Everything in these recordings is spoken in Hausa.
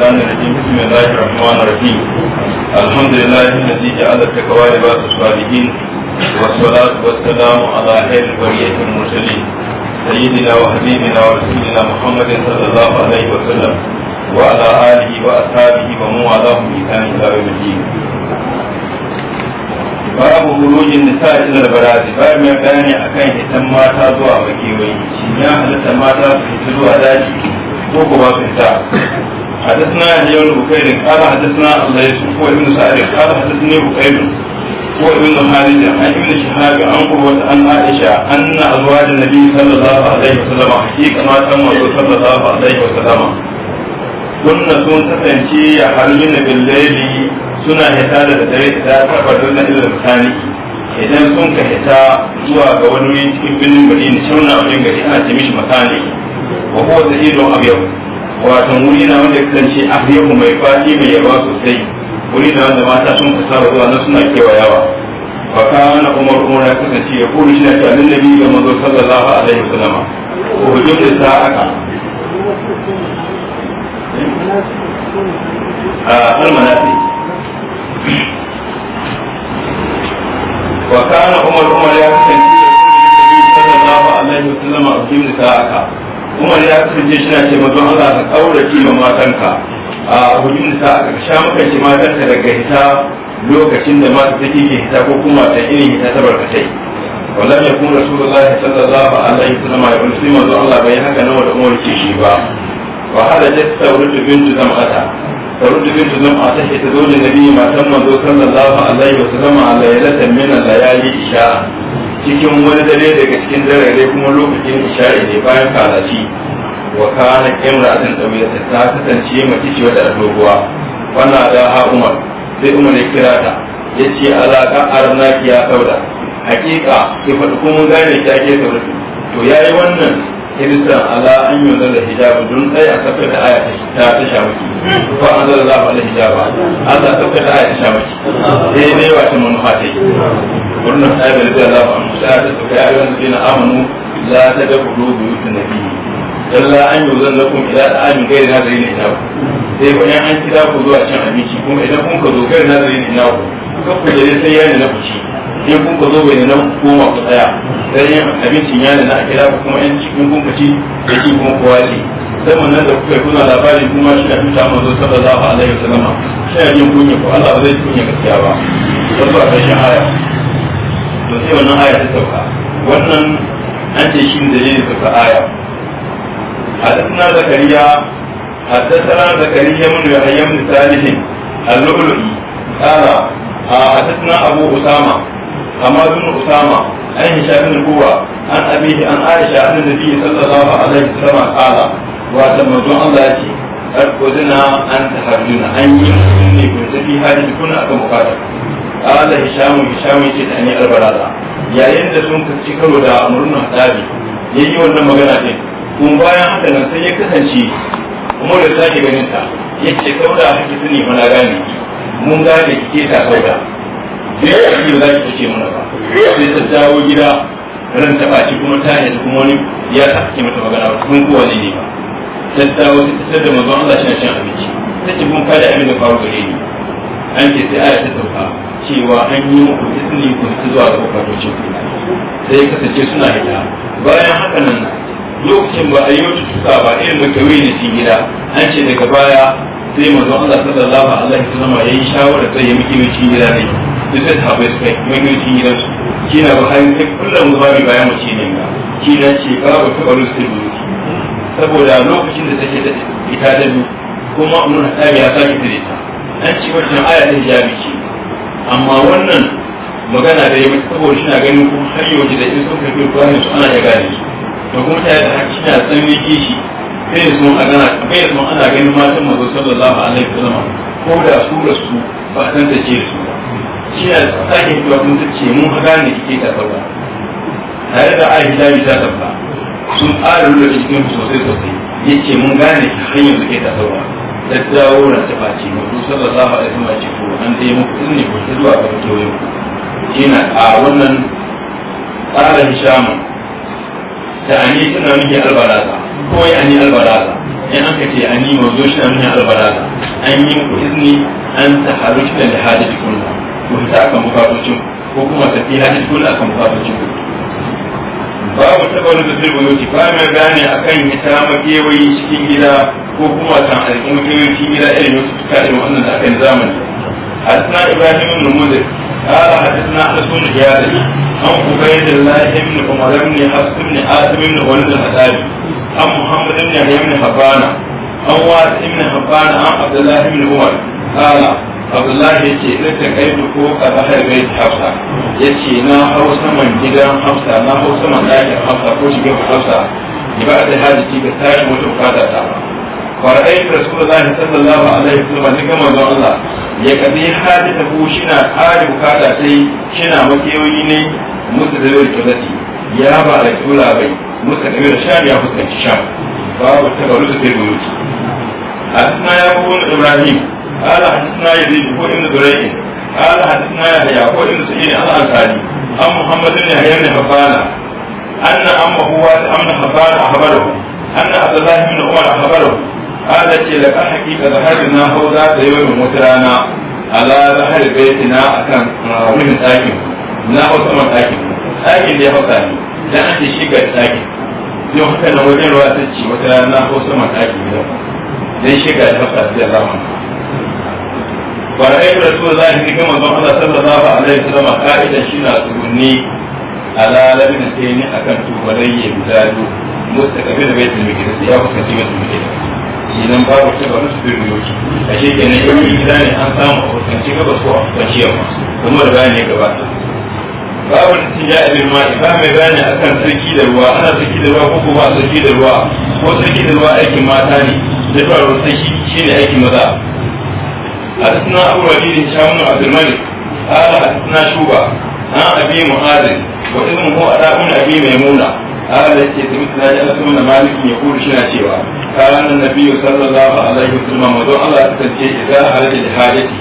الشيطان الرجيم بسم الله الرحمن الرحيم الحمد لله الذي جعل التقوى لباس الصالحين والصلاة والسلام على خير البرية المرسلين سيدنا وحبيبنا ورسولنا محمد صلى الله عليه وسلم وعلى آله وأصحابه ومن والاهم بإحسان إلى يوم الدين باب خروج النساء الى البراز باب ما كان akan hitan mata zuwa makewayi shin ya halatta mata su hita zuwa daji ko kuma su hita حدثنا يحيى بن بكير قال حدثنا هو ابن سعد قال حدثني بكير هو ابن خالد عن ابن شهاب عن قوة عن عائشة أن أزواج النبي صلى الله عليه وسلم حقيقة ما تم صلى الله عليه وسلم kunna sun kasance a halin billahi da dare da tabbatar da idan sun ka hita zuwa ga wani cikin birnin Madina shauna abin gari ana ce mishi wa wato wuri na wanda kasance a yahu mai fadi mai yaba sosai wuri na wanda mata sun kusa zuwa na suna kewayawa fa kana umar umar ya kasance ya kuru shi na ta annabi ga manzo sallallahu alaihi wasallam ko da sa aka a almanasi wa kana umar umar ya kasance ya shi sallallahu alaihi umar ya kasance shi na ce mazan Allah ka kaura ma matanka a hujjin sa aka sha makanci matanka daga hita lokacin da mata ta ke hita ko kuma ta irin hita ta barkatai wallahi ya kuma rasulullah sallallahu alaihi wasallam ya wani sai mazan Allah bai haka nawa da umar ke shi ba wa hada jatta wurin bintu zamata فرد بنت زمعة تحت زوج النبي ما تم منذ صلى الله عليه وسلم على ليلة من الليالي إشاء cikin wani dare daga cikin dare dai kuma lokacin isha'i ne bayan kalaci wa kana imra'atin dawiyatan ta kasance mace ce wata doguwa wannan da ha umar sai umar ya kira ta yace alaka arnaki ya sauda hakika sai fa kuma gane ta ke sauda to yayi wannan hirisan ala an yi da hijabu don tsaye a tafi da aya ta ta shawaki ko an zara za a hijaba an za tafi da aya ta shawaki sai ne wata manufa ta yi wannan ayar da zai zafa an musa ta tafi ya yi wani zina amanu ta da kudu da yutu na biyu dalla an yi zan lakum ila da amin gairi na zai ne ina sai bayan an kira ku zuwa cin abinci kuma idan kun ka zo gairi na zai ne ina kan ku zare sai ya na fushi sai kun ka zo bai na goma ku tsaya sai yin abincin ya na a kira ku kuma yan cikin kun ka da cikin kuma ku wace sai wannan da kuka kuna labarin kuma shi da fita manzo sallallahu alaihi wasallam shi ya jin kunya ko Allah ba zai kunya gaskiya ba don ba kashin aya to sai wannan aya ta sauka wannan an ce shi da ne sauka aya حدثنا زكريا حدثنا زكريا من يحيى بن صالح اللؤلؤي قال حدثنا أبو أسامة حماد ابن أسامة عن هشام بن قوة عن أبيه عن عائشة عن النبي صلى الله عليه وسلم قال وأتم الله يأتي أذكرنا أن تحرجنا أن يمكنني كنت في هذه كنا أتمقاتل قال هشام هشام يجد أن البرادة يا يند سنك تكرو دا أمرنا هتابي يجي wannan magana din kun bayan haka nan sai ya kasance Umar ya sake ganin ta yace kauda hakiki ne mana gane mun gane ke ta sauka sai ya yi ba za ki fice mana ba sai ta dawo gida ran ta baci kuma ta yi kuma wani ya ta fice mata magana ba kun kowa ne ne ba ta dawo ta tattar da manzon Allah shi shan abinci ta ce mun fada abin da faru gare ni an ke sai aya ta sauka cewa an yi muku izini ku fita zuwa ga kwakwatocin sai kasance suna hita bayan haka nan lokacin ba a yi wata tuka ba irin da makawi ne cikin gida an ce daga baya sai manzo Allah sallallahu alaihi wasallam ya yi shawara kai ya miki miki gida ne duk da ta bai yi mai miki gida su na ba hayin sai kullum zuwa bi bayan mu ne ga na ce ba ba ta bari su saboda lokacin da take da ita da kuma umar hadabi ya saki tare ta an ci wannan aya ta jabi ce amma wannan magana da ya mutu saboda shi na ganin kuma har yau da in sun karbi Qur'ani su ana ya gane su da kuma ta yi da hakki na tsanni kishi kai da sun ana kai da sun ana ganin matan manzo sallallahu alaihi wasallam ko da su da su ba san da ce su shi ne sake cewa kun ta ce mun haga ne kike ta sauka tare da Aisha bi ta sauka sun ƙara rura cikin sosai sosai yace mun gane hanyar da ke ta sauka da dawo na ta face manzo sallallahu alaihi wasallam ce ko an dai muku inni ko zuwa ga kiyoyin yana a wannan tsarin shaman da ani suna miki albarasa ko ya ani albaraza in an yi mazo shi an albaraza an yi ku izini an taharu shi da hajji ku ko ta aka mukatocin ko kuma ta fi hajji kullu aka mukatocin babu taba wani tafiyar buyoti ba mai gane kan hita makewayi cikin gida ko kuma kan alƙin makewayi cikin gida irin wasu tuka irin wannan da aka yi zamani حدثنا ابراهيم بن المنذر قال حدثنا انس بن عياض عن عبيد الله بن عمر بن حفص بن حاتم بن ولد الخطابي عن محمد بن يحيى بن حبان عن وارث بن حبان عن عبد الله بن عمر قال عبد الله يجي لك كيف فوق بحر بيت حفصة يجي نا حوصة من جدان حفصة نا حوصة من داخل حفصة كوش جيب حفصة يبقى هذا تيجي بتاعي وتوقاتها ورأيت رسول الله صلى الله عليه وسلم نكما الله يكذي حادي تبو شنا حادي kare سي شنا مكيويني makeyoyi كذتي يا بارك zai ya muka tafi da sha biya fuskan ci babu taba rusa sai bu yuki a ya kuma wani ibrahim ala hadisuna ya zai ko inda zurai ala hadisuna ya haya ko inda su iya ala alkali an muhammadin ya hayar da hafana an na an mahuwa da an na a habarau an na abdullahi na umar a habarau ala ce da ka hakika da hari na hau ta yi wani wata rana ala da bai tina a kan rahimin uh, ɗakin na hau saman ɗakin ɗakin da ya hau da ake shiga tsaki don haka nan wajen ruwa ta ce wata na ko sama tsaki ne dan shiga da hafsa da zama wa ra'aytu rasulullahi ne kuma zan Allah sallallahu alaihi wasallam ka'idan shi na tsugunni ala labin sayni akan tubalai ya bai mustaqbil baitul maqdis ya fuskanci baitul shi nan babu ku wani su biyu yau a shi kenan yau gida ne an samu a kusanci gaba ko a kusanci yamma kuma da bayan ya gabata babu da cin ya'a bin ma'i ba mai bani a kan sarki da ruwa ana sarki da ruwa ko ba sarki da ruwa ko sarki da ruwa aikin mata ne da ba ruwa sarki shi ne aikin maza a tattuna abubuwa da shamun abdulmalik ala a tattuna shuba na abi mu'adin wa ibn mu a ɗakun abi mai muna ala da ke tabi tunaji a tattuna da malik ne ko shi na cewa kara nan na biyu sallallahu alaihi wa sallam mazo Allah ta kace idan halaka da hajati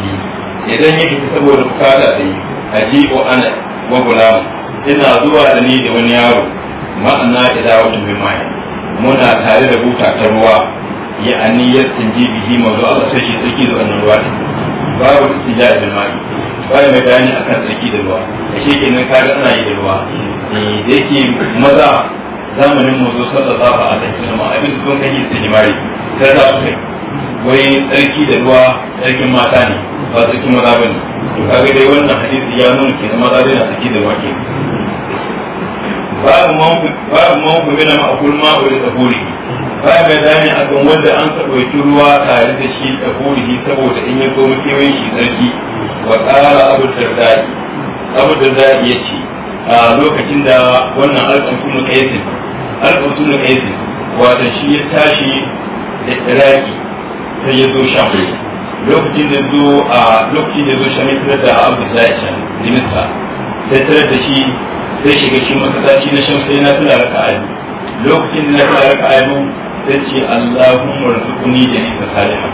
idan yake saboda bukata sai ajibu anas wa ina zuwa da ni da wani yaro ma'ana ila wata mai mai muna tare da buta ta ruwa ya ya tsinji bihi zuwa Allah sai shi tsaki da wannan ruwa ne babu istija da mai bai mai bayani akan tsaki da ruwa a shi nan kada ana yi da ruwa ne da yake maza zamanin mu a tsaki alaihi wasallam abin sun kai istijmari sai za su kai wai tsarki da ruwa tsarkin mata ne ba tsarkin maza ba ne to kaga dai wannan hadisi ya nuna kenan maza dai na saki da wake babu mawuku mina ma'akul ma'u da tsaburi babu ba a kan wanda an saɓoki ruwa tare da shi tsaburi saboda in ya zo makewayin shi sarki wa tsara abu dardai abu dardai ya ce a lokacin da wannan alƙamsu na ƙaisin alƙamsu na ƙaisin wata shi ya tashi da tsiraki sai ya zo shafi lokacin da zo a lokacin da zo shami tare da abu da ya can limita sai tare da shi sai shiga shi masallaci na shan sai na tana raka ayi lokacin da na tana raka ayi mun sai ce Allahumma da jannata salihah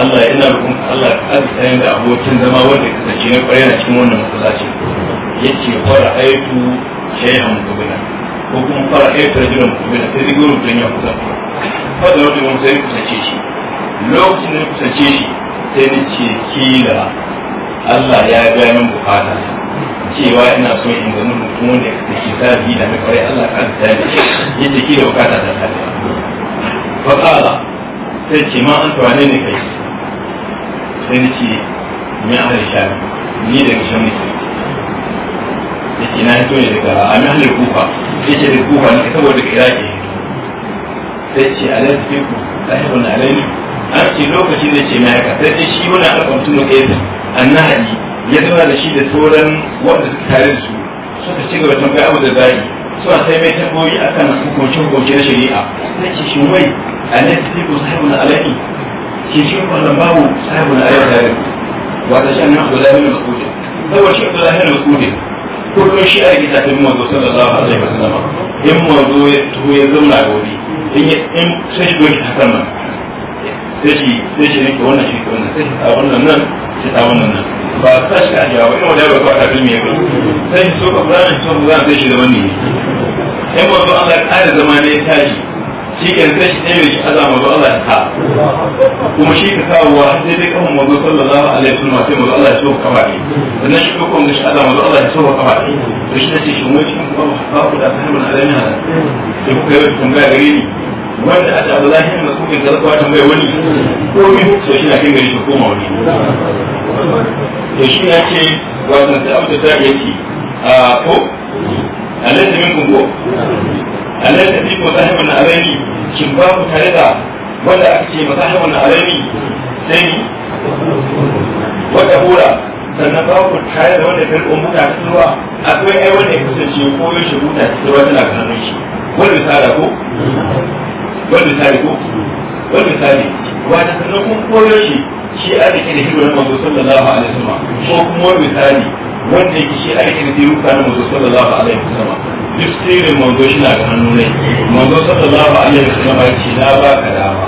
Allah ina roƙon Allah ka azurta ni da abokin zama wanda ka sace na kwarai na cikin wannan masallaci yace fara aitu shay'an mukabina ko kuma fara aitu rajulan mukabina sai digo rubutun ya kusa fada wanda mun sai kusace shi lokacin da kusance shi sai ni ce kila Allah ya ga min bukata cewa ina so in ga mutum wanda da ke kisa bi da mai Allah kan da ya ce kila bukata ta ta fa kala sai ce ma an tawane ne kai sai ni ce ni a harshe ni da kishan mutum ya ce na hito ne daga amin halin kufa ya ce da kufa ne saboda kira ke sai ce alaikun sahibun alaikun an ce lokacin da ce mai sai dai shi wani alƙamtu na A annahari ya zama da shi da sauran wanda suka tare da su suka ci gaba tambaya abu da zai suna sai mai tambayoyi kan hukunci-hukunci na shari'a na ce shi ne su sai sa sahibu na alaƙi ke shi wannan babu sahibu na alaƙi tare wata shi annabi abu da Mas'ud saboda shi Abdullahi bin Mas'ud kullum shi ake tafi manzo sallallahu alaihi wasallam in manzo ya tuho ya zama gobe in sai shi gobe ta sama sai shi sai shi rinke wannan shi wannan sai shi ta wannan nan shi ta wannan nan ba ta shi ajiya ba ina wajen ba ba ta filmi ya kai sai shi so ka fara shi so ka fara sai shi zaman ne in ba Allah ya zama ne tashi shi ke sai shi ɗaya shi azama ba Allah ya ta kuma shi ka kawo har sai dai kan mazo sallallahu alaihi wasallam sai mazo Allah ya so ka bari sannan shi ko kuma shi azama ba Allah ya so ka bari to shi ne shi mun shi kuma ba ku da sanin alamin hada sai ku kai kun ga gare ni wanda a ta bala shi masu kai karfa ta mai wani ko to shi na kin shi koma wani to shi na ce wannan da abu da ya ce a ko Allah ta minku ko Allah ta tiko na alani shin ba ku tare da wanda aka ce na alani sai wata hura sannan ba ku tare da wanda karɓo muta ta ruwa akwai ai wanda ya kasance ko ya shi muta ta ruwa tana kanin shi wani misala ko wani misali ko wani misali wata sannan kun koyo shi shi a da ke da hibar mazo sallallahu alaihi wasallam ko kuma wani misali wanda yake shi a da ke da tiruka na mazo sallallahu alaihi wasallam duk sirrin mazo shi na ga hannu ne mazo sallallahu alaihi wasallam ya ce na ba ka dama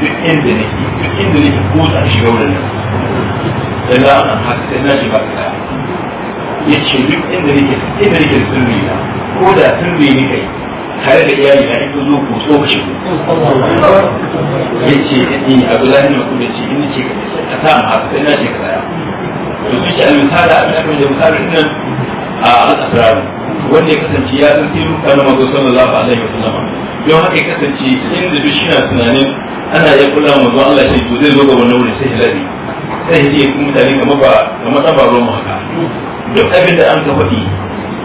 duk inda nake duk inda nake ko ta shiga wurin nan sai na an haka sai na ba ka ya ce duk inda nake ke nake sirri na ko da sirri ne kai tare da iyali na ita zo ku so shi ya ce ni abu da ni ku ce ni ce ka ta ma ka sai na ce ka ya to su ce al-misala abin akbar da misala nan a al-asrar wanda ya kasance ya san sirrin kana mazo sallallahu alaihi wasallam don haka ya kasance inda duk shi na tunanin ana ya kula mazo Allah shi to zai zo ga wannan wurin sai hilali sai ya ce mutane kamar ba kamar ba ruwan haka duk abin da an ka faɗi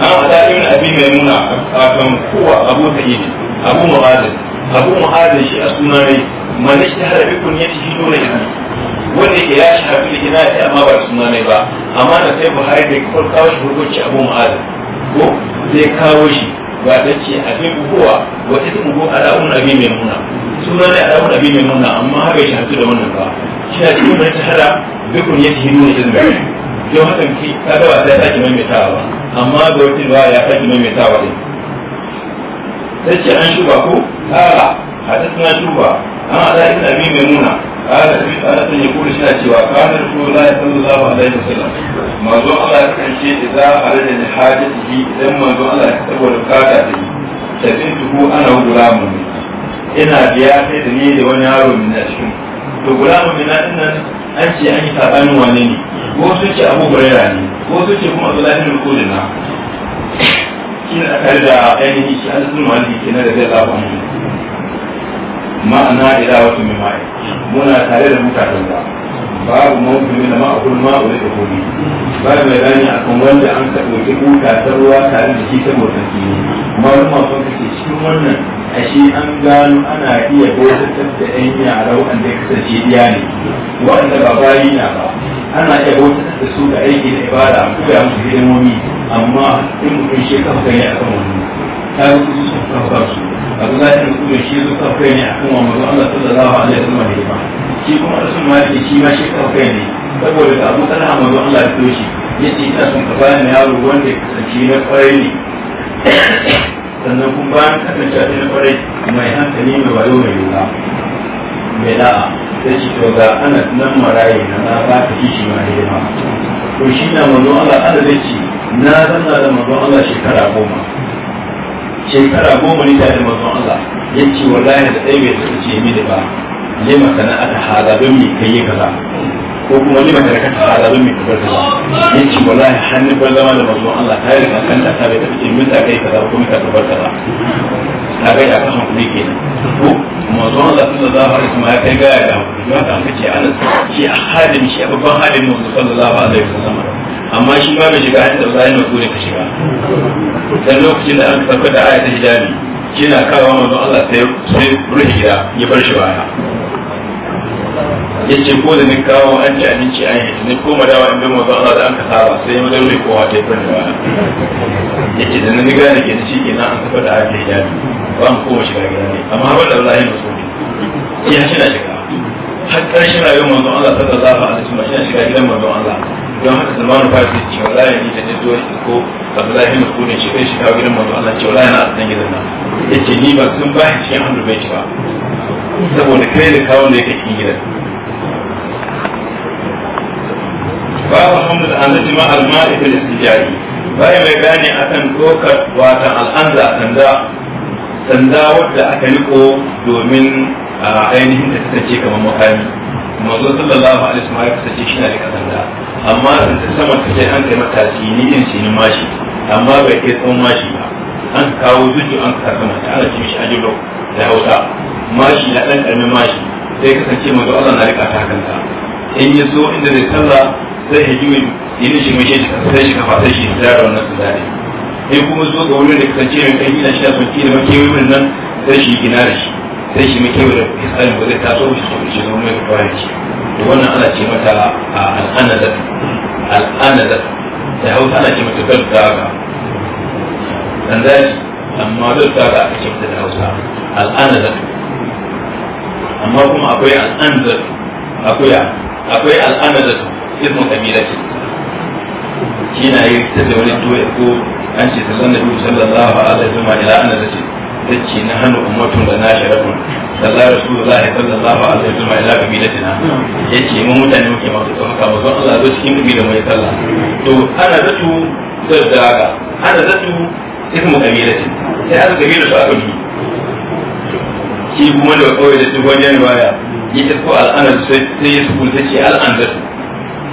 an hada ibn abi maimuna kan kowa abu sa'id abu mu'adil abu mu'adil shi a suna ne man ishtahara bi kunyati shi dole wanda ke ya shahara bi sai amma ba suna ne ba amma na sai buhari da kawai kawo shi hukunci abu mu'adil ko sai kawo shi ba ta ce abin kowa wa ismu ko ala'un abi maimuna suna da ala'un abi maimuna amma haka shi hatu da wannan ba shi na cikin wani shahara bi kunyati shi dole ne yau matamci ta gaba ta sake maimaitawa ba amma da wata ba ya sake maimaitawa ne sai ce an shuba ko kara حدثنا شوبة عن علاء بن da ميمونة قال سمعت أنس shi na cewa قال za a rage ne hajji da ما idan الله كنشي إذا أراد لحاجته إذا ما زو الله يكتبه لبكاته سبنته أنا وغلام ina biya sai da ni da wani yaro min na cikin to gulamu min na dinnan an ce an yi sabanin wane ne ko su ce abu huraira ne ko su ce kuma abdullahi bin kodin na kina a tare da ainihi shi an sun wani ke na da zai zaɓa mu ma'ana ila wata mai ma'i muna tare da mutanen da babu a da ma'akul ma'u da tafobi babu mai rani a kan wanda an ka ɗauki buta ta ruwa tare da shi ta sarki ne malama sun kake cikin wannan ashe an gano ana iya bautar da yan yara waɗanda ya kasance biya ne waɗanda ba bayi na ba ana iya bautar da su da aiki da ibada a koya musu hidimomi amma in mutum shi kafa kai ne kan wani ta yi kudu sun kafa su abu za ta yi shi su kafa kai ne kan wani zuwa Allah sallallahu alaihi wa sallam da shi kuma rasul maliki shi ma shi kafa kai ne saboda ka abu kana hamadu Allah ya so shi yace ina son ka bani yaro wanda ya kasance na kwarai ne sannan kun bayan kasance a na kwarai mai hankali mai wayo mai yiwuwa mai da'a sai shi to ga ana nan maraye na na ba ta shi shi ma hidima to shi na manzo Allah Allah zai ce na zanna da manzo Allah shekara goma shekara goma ne tare da manzo Allah yace wallahi da dai bai taɓa ce da ba lima sana'ata hada don me kai kaza ko kuma lima da kanta ta da zulmi ta ya ce wallahi hannun ban zama da mazo Allah ta yi kankanta ta bai tafi ce min ta kai ka kaza ko min ta bar kaza ta kai a kasan kuɗi ke ko mazo Allah sallallahu alaihi wasallam ya kai gaya da ya ta kace an shi a halin shi a babban halin mazo sallallahu alaihi wasallam amma shi ma bai shiga inda ba yana gode ka shiga dan lokacin da an tabbata ta hijabi kina kawo mazo Allah sai sai ruhi ya bar shi baya yace ko da ni kawo an ci abinci an yi ni ma dawa inda mu Allah da an ka saba sai mu wata kowa ta yi ya yace dan ni gane ke shi na an kafa da ake ya ba mu koma shiga gida ne amma har da Allah ya musu ya na shiga har karshen rayuwar manzon Allah sallallahu alaihi cikin shi shiga gidan manzon Allah don haka zamanin fasi ce wallahi ni da ni zuwa ko Abdullahi mai kudin shi kai shiga gidan manzon Allah ce wallahi na cikin gidan nan yace ni ba sun ba shi an rubai ba saboda kai da kawo ne yake gidan babu hamdu da annaji ma almari fil istijari bai mai bayani akan dokar wata al'anza sanda sanda wadda aka niko domin a ainihin da kasance kamar makami manzo sallallahu alaihi wa wasallam ya kasance shi na da sanda amma da sama take an kai mata ni din shi mashi amma bai kai tsawon mashi ba an kawo zuju an kasa mata ana ce shi a ajulo da hausa mashi na dan karamin mashi sai kasance manzo Allah na rika ta kanta in ya zo inda zai sallah sai ya juyi yin shi mai shi sai shi kafa sai shi tsaya da wannan tsari in kuma zo ga wurin da kasance mai kai gina shi da sauki da makewayi wurin nan sai shi gina da shi sai shi makewayi da kisan ba zai taso shi sau shi zama mai kawai shi to wannan ana ce mata al'anazat al'anazat da hausa ana ce mata daga dan daji amma duk gaggawa aka ce mata da hausa al'anazat amma kuma akwai al'anzat akwai akwai al'anazat ilmu kabilati yana yi ta da wani duwa ko an ce ta sanar da sallallahu alaihi wa sallam ila ana zace tace na hanu ummatun da na sharafin sharatun sallallahu rasulullahi sallallahu alaihi wa sallam ila kabilatina yace mun mutane muke masu tsaka ba don Allah zo cikin kabila mai sallah to ana zatu da daga ana zatu ismu kabilatin sai aka kabila su aka bi shi kuma da kawai da tsohon yan baya ya ko al'anar sai ya sukunta ce al'an zatu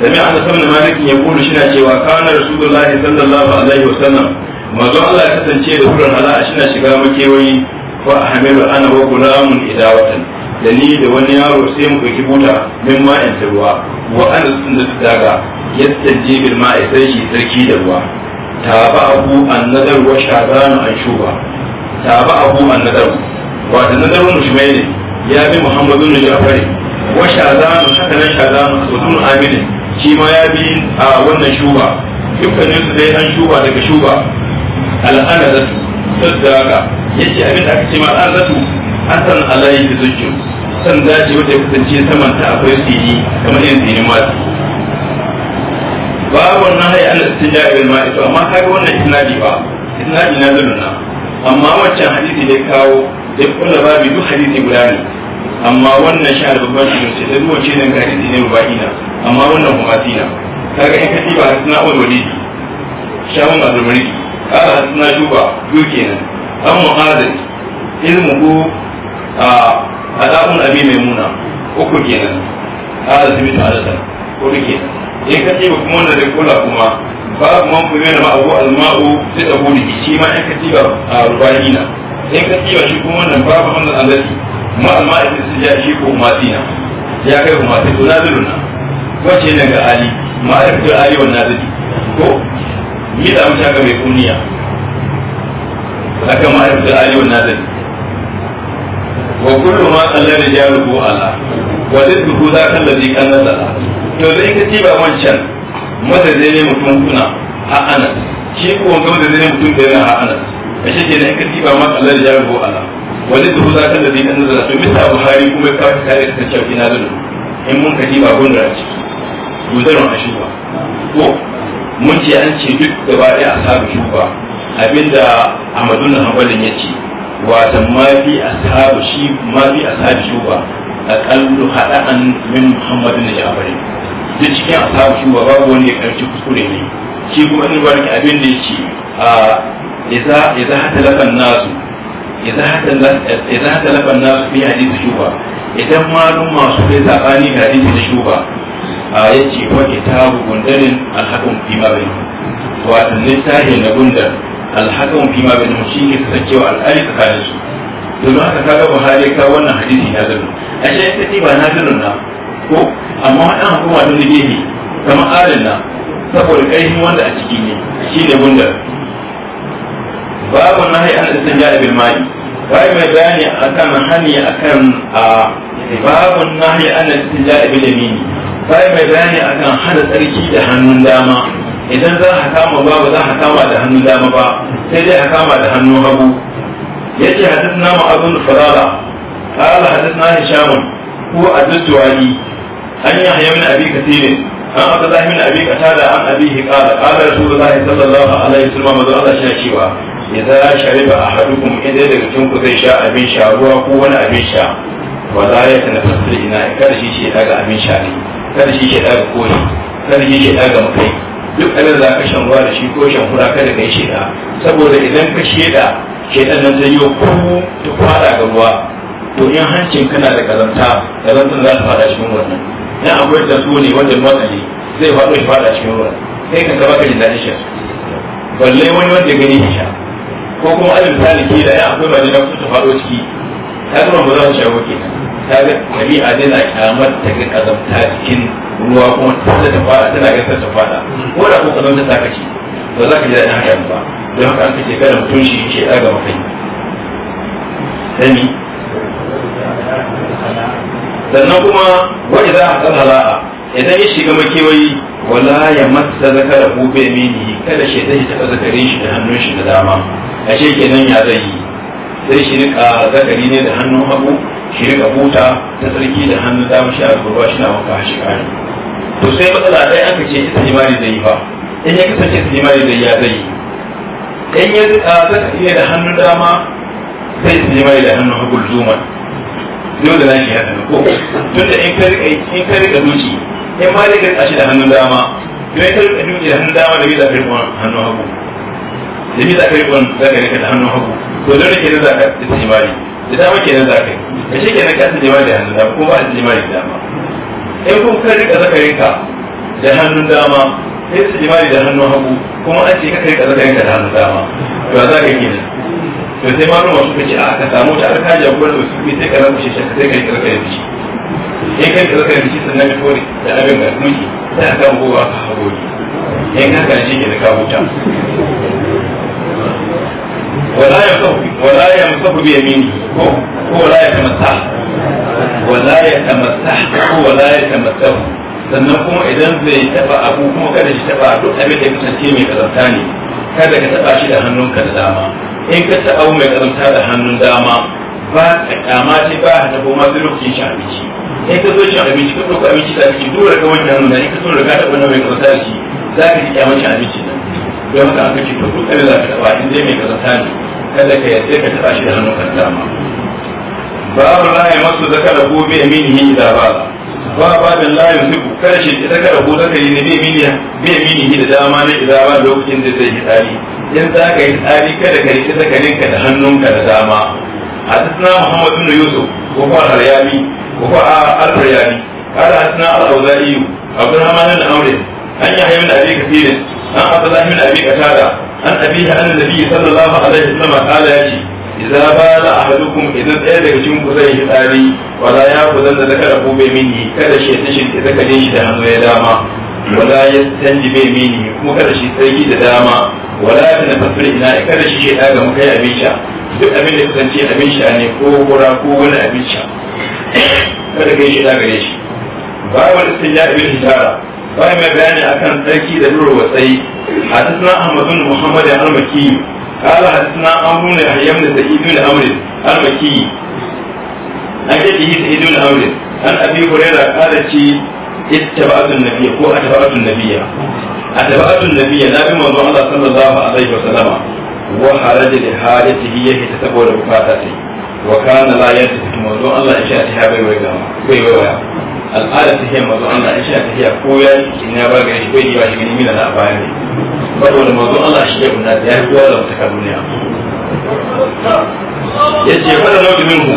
sami an san malikin ya kulu shi na cewa kana rasulullahi sallallahu alaihi wasallam manzo Allah ya kasance da furan hala shi na shiga makewayi fa ahmilu ana wa gulamun idawatan da ni da wani yaro sai mu ɗauki buta min ma'in da ruwa wa ana sun da daga yastanje bil ma'i sai shi sarki da ruwa taba abu an nadar wa shazanu an shuba taba abu an nadar wa da nadar mushmai ne ya bi muhammadu ne jafari wa shazanu haka nan shazanu sulun aminin shi ma ya bi a wannan shuba dukkanin su dai an shuba daga shuba al'adatu saddaka yace abin da aka ce ma al'adatu hasan alayhi zujju san dace wata ya kasance saman ta akwai siri kamar yin sirin ma ba wannan hayi an istijai ja ma'i to amma kaga wannan isnadi ba isnadi na zunna amma wancan hadisi da kawo da kullu babu duk hadisi guda ne amma wannan sha da babban shi sai duk wace nan ka hadisi ne rubaina amma wannan kuma sina kaga in ka tiba hasna ul walidi shawun azumri kaga hasna juba biyu kenan an muhadin ilmu ko a adabun abi muna uku kenan zubi ta adada ko duke in ka tiba kuma wanda da kula kuma babu man kuma da ma'abu alma'u sai da hudu shi ma in ka tiba a rubaina in ka tiba shi kuma wannan babu wannan alati ma ma ibn sija shi ko matina ya kai ko matina to nazirun na wace ne ga ali ma'arifatul ali wan naziri ko mi da mutum ga mai kunniya aka ma'arifatul ali wan naziri wa kullu ma qalla rijaluhu ala wa zidhu zaka allazi kan nazala to dai ka ci ba wancan madadai ne mutum kuna a anas shi ko wanda madadai ne mutum da yana a anas a shi ke ne ka ci ba ma qalla rijaluhu ala wani dubu za ka da zai ɗan zara sun bisa buhari kuma ka fi kare ta kyau ina zulu in mun ka ba gundar a ciki guzarin a shuba ko mun ce an ce duk gaba ɗaya a sabu shuba abinda a madunan hanbalin ya ce watan ma fi a sabu shi ma fi a sabu shuba a kallu haɗa'an min muhammadin da jafari duk cikin a sabu shuba babu wani ya ƙarfi kuskure ne shi kuma in barki abin da ya ce a iza hata lakan nasu idan ta laban na fi hadisi shuba idan malum masu bai sabani ga hadisi shuba a ya ce fa kitabu gundarin alhakan fi ma bai to a tsanin tahi na gundar alhakan fi ma bai shi ne kasancewa al'ali tsakanin su domin haka kaga buhari ka wannan hadisi na zanu a shi ta ce ba na zanu na ko amma waɗannan hukuma don da gehe kamar alin na saboda ƙarfin wanda a ciki ne shi ne gundar babu nahi an istinja bil ma'i bai mai bayani akan hani akan a babu nahi an istinja da mini. bai mai bayani akan hada tsarki da hannun dama idan za a kama ba ba za a kama da hannun dama ba sai dai a kama da hannun hagu Ya ce na yace hadathna ma'abun farara قال حدثنا هشام هو الدستوائي أن يحيى بن أبي كثير an aka zahi abin abi da an abin abihi qala qala rasulullah sallallahu alaihi wasallam manzo Allah shi cewa a idza shariba ahadukum idan daga cikin ku zai sha abin sha ruwa ko wani abin sha wala ya tanaffas ina kada shi shi daga abin sha ne kada shi shi daga koyi kada shi shi daga makai duk abin da ka shan ruwa da shi ko shan fura kada kai shi da saboda idan ka sheda shedan nan zai yi ku ta fara ga ruwa to in hancin kana da kalanta kazantan za ta fada cikin wannan na abuwar da su ne wanda motsa ne zai faɗo shi faɗa cikin ruwan sai ka gaba ka ji daɗin shi balle wani wanda gani ya sha ko kuma alal taliki da ya akwai mai na kusa faɗo ciki ta zama ba za su shawo ke ta ga ɗabi'a dai na kyamar ta ga ƙazamta cikin ruwa kuma ta ta faɗa tana ga ta faɗa ko da ko ƙazamta ta kaci ba za ka ji daɗin hakan ba don haka an kace kada mutum shi ce ɗaga mafai. sani sannan kuma za a hasala la'a idan ya shiga makewayi wala ya matsa zakara ko bai mini kada shi zai taɓa zakarin shi da hannun shi da dama a ashe kenan ya zai yi sai shi rika zakari ne da hannun hagu shi rika huta ta sarki da hannun dama shi a ruwa shi na wanka shi kare to sai matsala dai aka ce ita imani zai yi ba in ya kasance ita imani zai ya zai in ya rika zakari ne da hannun dama zai imani da hannun hagu zuman dole za ki haka ko tunda in ka rika in ka rika duki in ma rika tashi da hannun dama in ka rika duki da hannun dama da yadda kai kuma hannun hagu da yadda kai kuma za ka rika da hannun hagu to dole kenan za ka istimali da dama kenan za ka yi ka shi kenan ka istimali da hannun dama kuma istimali da dama in kun ka rika zakarinka da hannun dama sai su jimali da hannun hagu kuma an ce ka kai rika zakarinka da hannun dama to za ka yi kenan to sai malu masu kace a ah, ka samu ta arka jagoran da suke sai ka rabu shi shaka sai kai karka da shi sai kai karka da shi sannan ko da abin da mulki sai ka go ni hagoji in ka gaji ke da ka huta wala ya sahu wala ya musahu bi yamini ko ko wala ya tamassa wala ya tamassa ko wala ya tamassa sannan kuma idan zai taba abu kuma kada shi taba duk abin da ya kasance mai kazanta ne kada ka taba shi da hannunka da dama in ka taɓa abu mai ƙazanta da hannun dama ba ta kama ce ba a taɓa ma sai lokacin shi abinci in ka zo shi abinci ka ɗauka abinci da abinci dole ka wanke hannun da in ka so da ka taɓa na mai ƙazanta da shi za ka ji kyamar shi abinci nan don haka aka ce to ko kare za ka taɓa in dai mai ƙazanta ne kada ka yarda ka taɓa shi da hannun kan dama babu laye masu zakara gobe aminihi da ba ba ba da la yusiku karshe da zakara gobe zakari ne bai miniya bai minihi da dama na idama lokacin da zai yi tsari yanzu aka yi tsari kada ka rike zakarinka da hannunka da dama a tsina muhammad bin yusuf ko kuma al-riyami ko kuma al kada a tsina al-awzai da amre an yi hayyar da abi an abu da hayyar da abi ka tara an abi ha an nabi sallallahu alaihi wasallam kala ya ce idan ba da ahadukum idan tsaye daga cikin zai yi tsari wala ya ku zanda da kada ku bai mini kada shi ya tashi ya zakarin shi da hannu ya dama wala ya canji bai mini kuma kada shi tsarki da dama wala ta na fafiri ina ya kada shi ke ga muka yi abin sha duk abin da kasance abin sha ne ko gura ko wani abin sha kada kai shi gare shi ba wani sun ya abin hijara ba mai bayani a kan tsarki da lura wasai hadisna ahmadun muhammad al-makki قال حدثنا عمرو بن يحيى بن سعيد بن عمرو المكي عن جده سعيد بن An عن ابي هريره قال ittaba'atun nabiyya ko attaba'atun nabiyya attaba'atun nabiyya na bi manzon Allah sallallahu alaihi wasallama wa haraja li halatihi yake ta saboda bukata sai wa kana la yantafi manzon Allah ya sha ta bai wai gama bai wai waya al'ada ta hiyar manzon Allah ya ta hiya ko ya ina ba gari shi bai yi ba shi gani mina na baya ne saboda manzon Allah shi ya kunna ya ruwa da mutaka duniya yace fa da nau'i minhu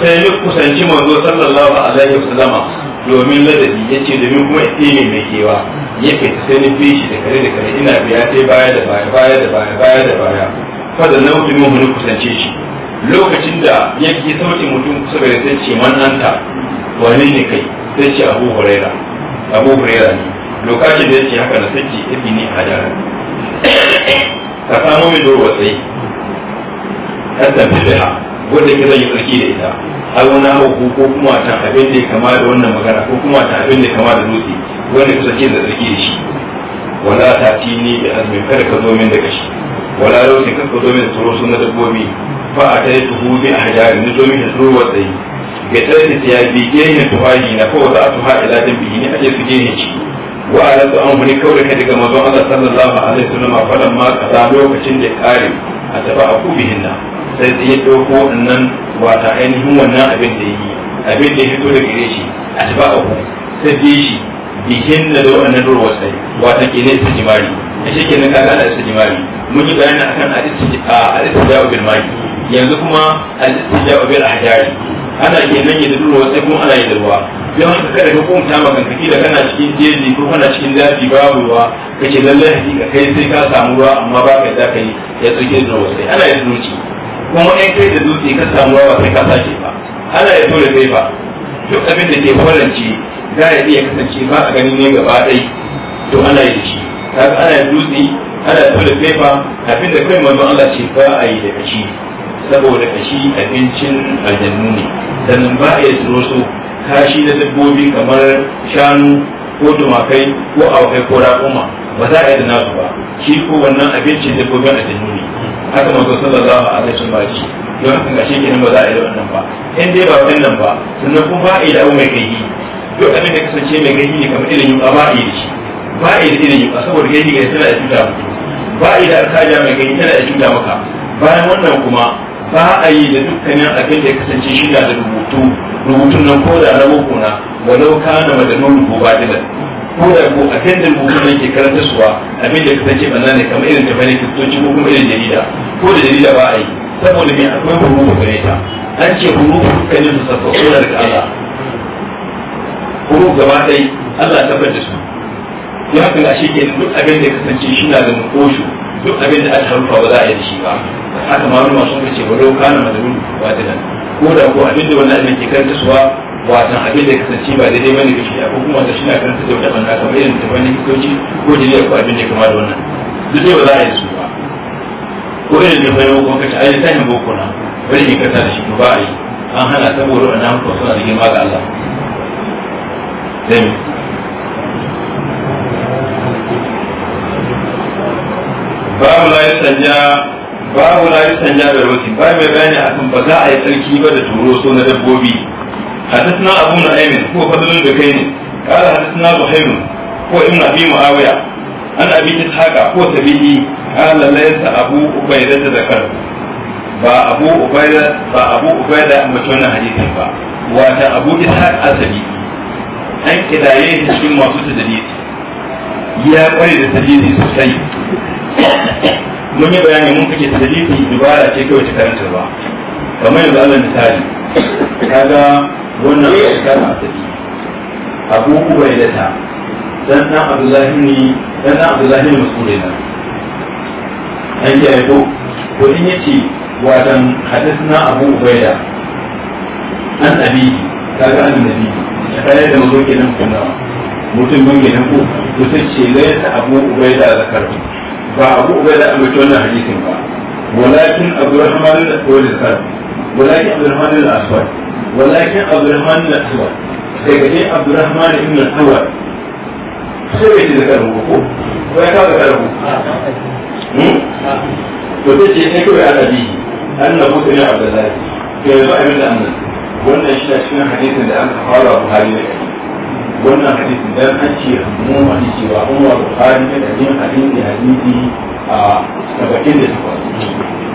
sai ni kusanci manzo sallallahu alaihi wasallama domin ladabi ya ce domin kuma tsini mai kewa ya fita sai ni fi shi da kare da kare ina biya sai baya da baya baya da baya baya da baya fada na wuce min wani kusance shi lokacin da ya ke sautin mutum kusa da sai ce man wani ne kai sai ce abu huraira abu huraira ne lokacin da ya ce haka na sai ce ibi ne jara ka samu mai dorwa tsaye ka tafi da wanda ke zai yi tsarki da ita har wani abu ko kuma ta abin da kama da wannan magana ko kuma ta abin da kama da dutse wanda ka sake da tsarki da shi wala ta tini da azmin kada ka zo min da kashi wala da kan ka zo min da tsoro sun na dabbobi fa a ta yi tuhu bi a hajari ni zo min da tsoro wadda yi ga tare da ta yi gehen tuhaji na kowa za a tuha ila dan bihi ni a ce su gehen ci wa a rasu an huni kawai kai daga mazan Allah sallallahu alaihi wasallam a faɗan ma kaza lokacin da kare a taɓa a kubihin nan sai sai ya ɗauko ba wata ainihin wannan abin da yi abin da ya fito daga gare shi a ba abu sai bi shi bikin da da wannan ruwa sai wata su jimari a shi kenan kaga su jimari mun yi bayani akan al da bil mai yanzu kuma al-istijab a ahjari ana kenan yi da ruwa sai kuma ana yi da ruwa don haka kada ka ta maka kaki da kana cikin jeji ko kana cikin daji babu ruwa kace lallai hakika kai sai ka samu ruwa amma ba ka da kai ya tsoke da ruwa sai ana yin zuci kuma in kai da dutse ka samu rawa sai ka sace ba ana ya dole sai ba duk abin da ke farance za ya iya kasance ba a ganin ne gaba ɗai to ana yi shi kaga ana yin dutse ana dole sai ba abin da kai manzo Allah ce ba a yi da kashi saboda kashi abincin aljannu ne sannan ba a iya tsoro so kashi na dabbobi kamar shanu ko tumakai ko awakai ko raƙuma ba za a yi da nasu ba shi ko wannan abincin dabbobin aljannu ne haka manzo sallallahu alaihi wasallam ya ce don haka ga shi kenan ba za a yi da wannan ba in dai ba wannan ba sannan kuma ba a yi da abu mai gaihi duk abin da kasance mai gaihi ne kamar irin yuka ba a yi da shi ba a yi da irin ba saboda gaihi ga tana da cuta ba a yi da alkaja mai gaihi tana da cuta maka bayan wannan kuma ba a yi da dukkanin abin da ya kasance shi da rubutu rubutun nan ko da na muku na walau kana madanun rubu ba dilan ko da ko a attendant mutum ne ke karanta suwa abin da kasance banza ne kamar irin tafai kristoci ko kuma irin jarida ko da jarida ba a yi saboda me akwai hurufu gare ta an ce hurufu dukkanin su sabbatu da daga Allah huruf gaba ɗai Allah tabbatar da su ya haka ga shi ke duk abin da kasance shi na da mukoshu duk abin da aka harufa ba za a yi shi ba haka ma wani masu kace ba rau kana mazalun ba da nan ko da ko abin da wannan abin ke karanta suwa wasan abin da kasance ba daidai bane ga shi ko kuma wanda shi na karanta da wata banna kamar irin da wani hikoci ko jiriya ko abin da kamar da wannan duk dai ba za a yi su ba ko irin da bayan kuma kace ai tahin boko na bari in kasa da shi ba a an hana saboda wannan mutum suna da girma ga Allah dai babu la sanya babu la sanya da rokin ba mai bayani akan ba za a yi tsarki ba da turo so na dabbobi حدثنا أبو نعيم هو فضل البكيني قال حدثنا بحيم هو ابن أبي معاوية عن أبي إسحاق هو سبيعي قال ليس أبو عبيدة ذكر با أبو عبيدة با أبو عبيدة متون حديث با واتا أبو إسحاق أسبي أن كدايه cikin masu tajiri ya kware da tajiri sosai mun yi bayani mun kake tajiri dubara ce kawai ta karanta ba kamar yanzu Allah misali kaga wannan bai ta asali abu ubai da ta dan dan abdullahi ne dan dan abdullahi ne mas'ulin nan an ya aiko to in yace watan hadisna abu ubaida an abihi kaga an nabi kai da mazo kenan kuma mutum ban gidan ku to sai ce laysa abu ubaida zakaru ba abu ubaida an mutu wannan hadisin ba walakin abdurrahman al-aswad walakin abdurrahman al-aswad walakin abdurrahman ibn al-awwal daga ne abdurrahman ibn al-awwal da karin ko ko ya kawo karin ko hmm? to sai ce sai kawai ana bi annabi ibn abdullahi to yanzu abin da annabi wannan shi cikin hadisin da an fara Buhari da kai wannan hadisin dan an ce mu wani cewa a tabakin da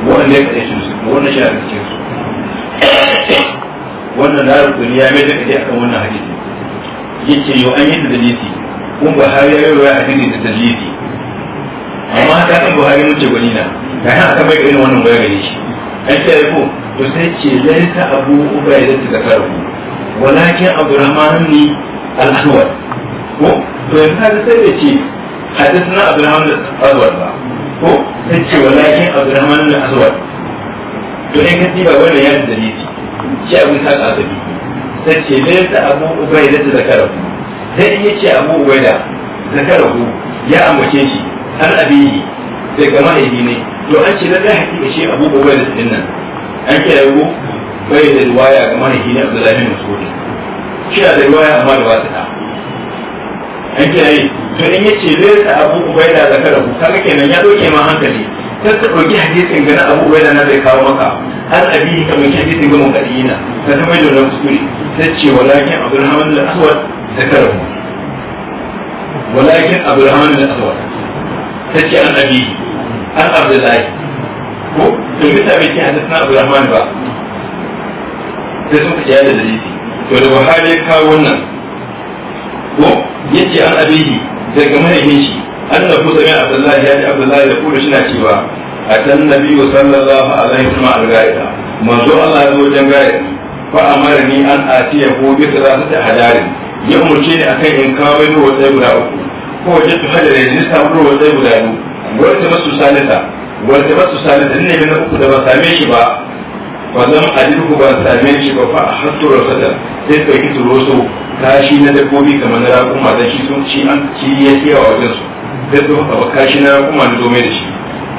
wannan ne kadai wannan cikin wannan ku ne ya mai da kaje akan wannan hadisi yace yo an yi da dalili kun Buhari ya rawa hadisi da dalili amma ka kan Buhari mun ce gani na da haka bai irin wannan bai gare shi ai sai ko to sai ce laita Abu Ubaida da zakaru walakin Abdurrahman ni al-Ahwal ko to yanzu haka sai da ce حدثنا al الرحمن ba. ko sai ce walakin Abdurrahman al-Aswad to in ka ba wannan ya da dalili ya abu ta azabi sai ce laysa abu ubayda da zakarahu sai yace abu da ubayda zakarahu ya ambace shi an abiyi daga mahaifi ne to an ce lallai hakika shi abu ubayda da nan an kira ku bai da riwaya ga mahaifi ne Abdullahi bin Mas'ud shi da riwaya amma da wasita an kira to in yace laysa abu ubaida zakarahu kaga kenan ya doke ma hankali sai ta dauki hadisin ga abu ubaida na zai kawo maka har abi kamar hadisin ga muqaddina ta ta mai da kuskure sai ce walakin abdurrahman al-aswad zakarahu walakin abdurrahman al-aswad sai ce an abi an abdullahi ko to bisa bai ce hadisin abdurrahman ba sai sun ka da dalili to da buhari ya kawo wannan ko yace an abihi daga da shi an na kusa min abdullahi ya ji abdullahi da kuma shina cewa a can nabi wa sallallahu alaihi wa sallam al-ghaida manzo Allah ya zo wajen gaida fa amara ni an atiya ko bi da hadari. ya umurce ni akan in kawo mai ruwa tsaye guda uku ko wajen tu hada da jinsa ruwa tsaye guda biyu su masu salisa wanda masu salisa ne na uku da ba same shi ba ba zan ku ba same shi ba fa a hattu rasatar sai turo turoso kashi na dabbobi kamar na raƙuma da shi sun ci an ci ya siya wa wajen su zai zo a kashi na raƙuma na zome da shi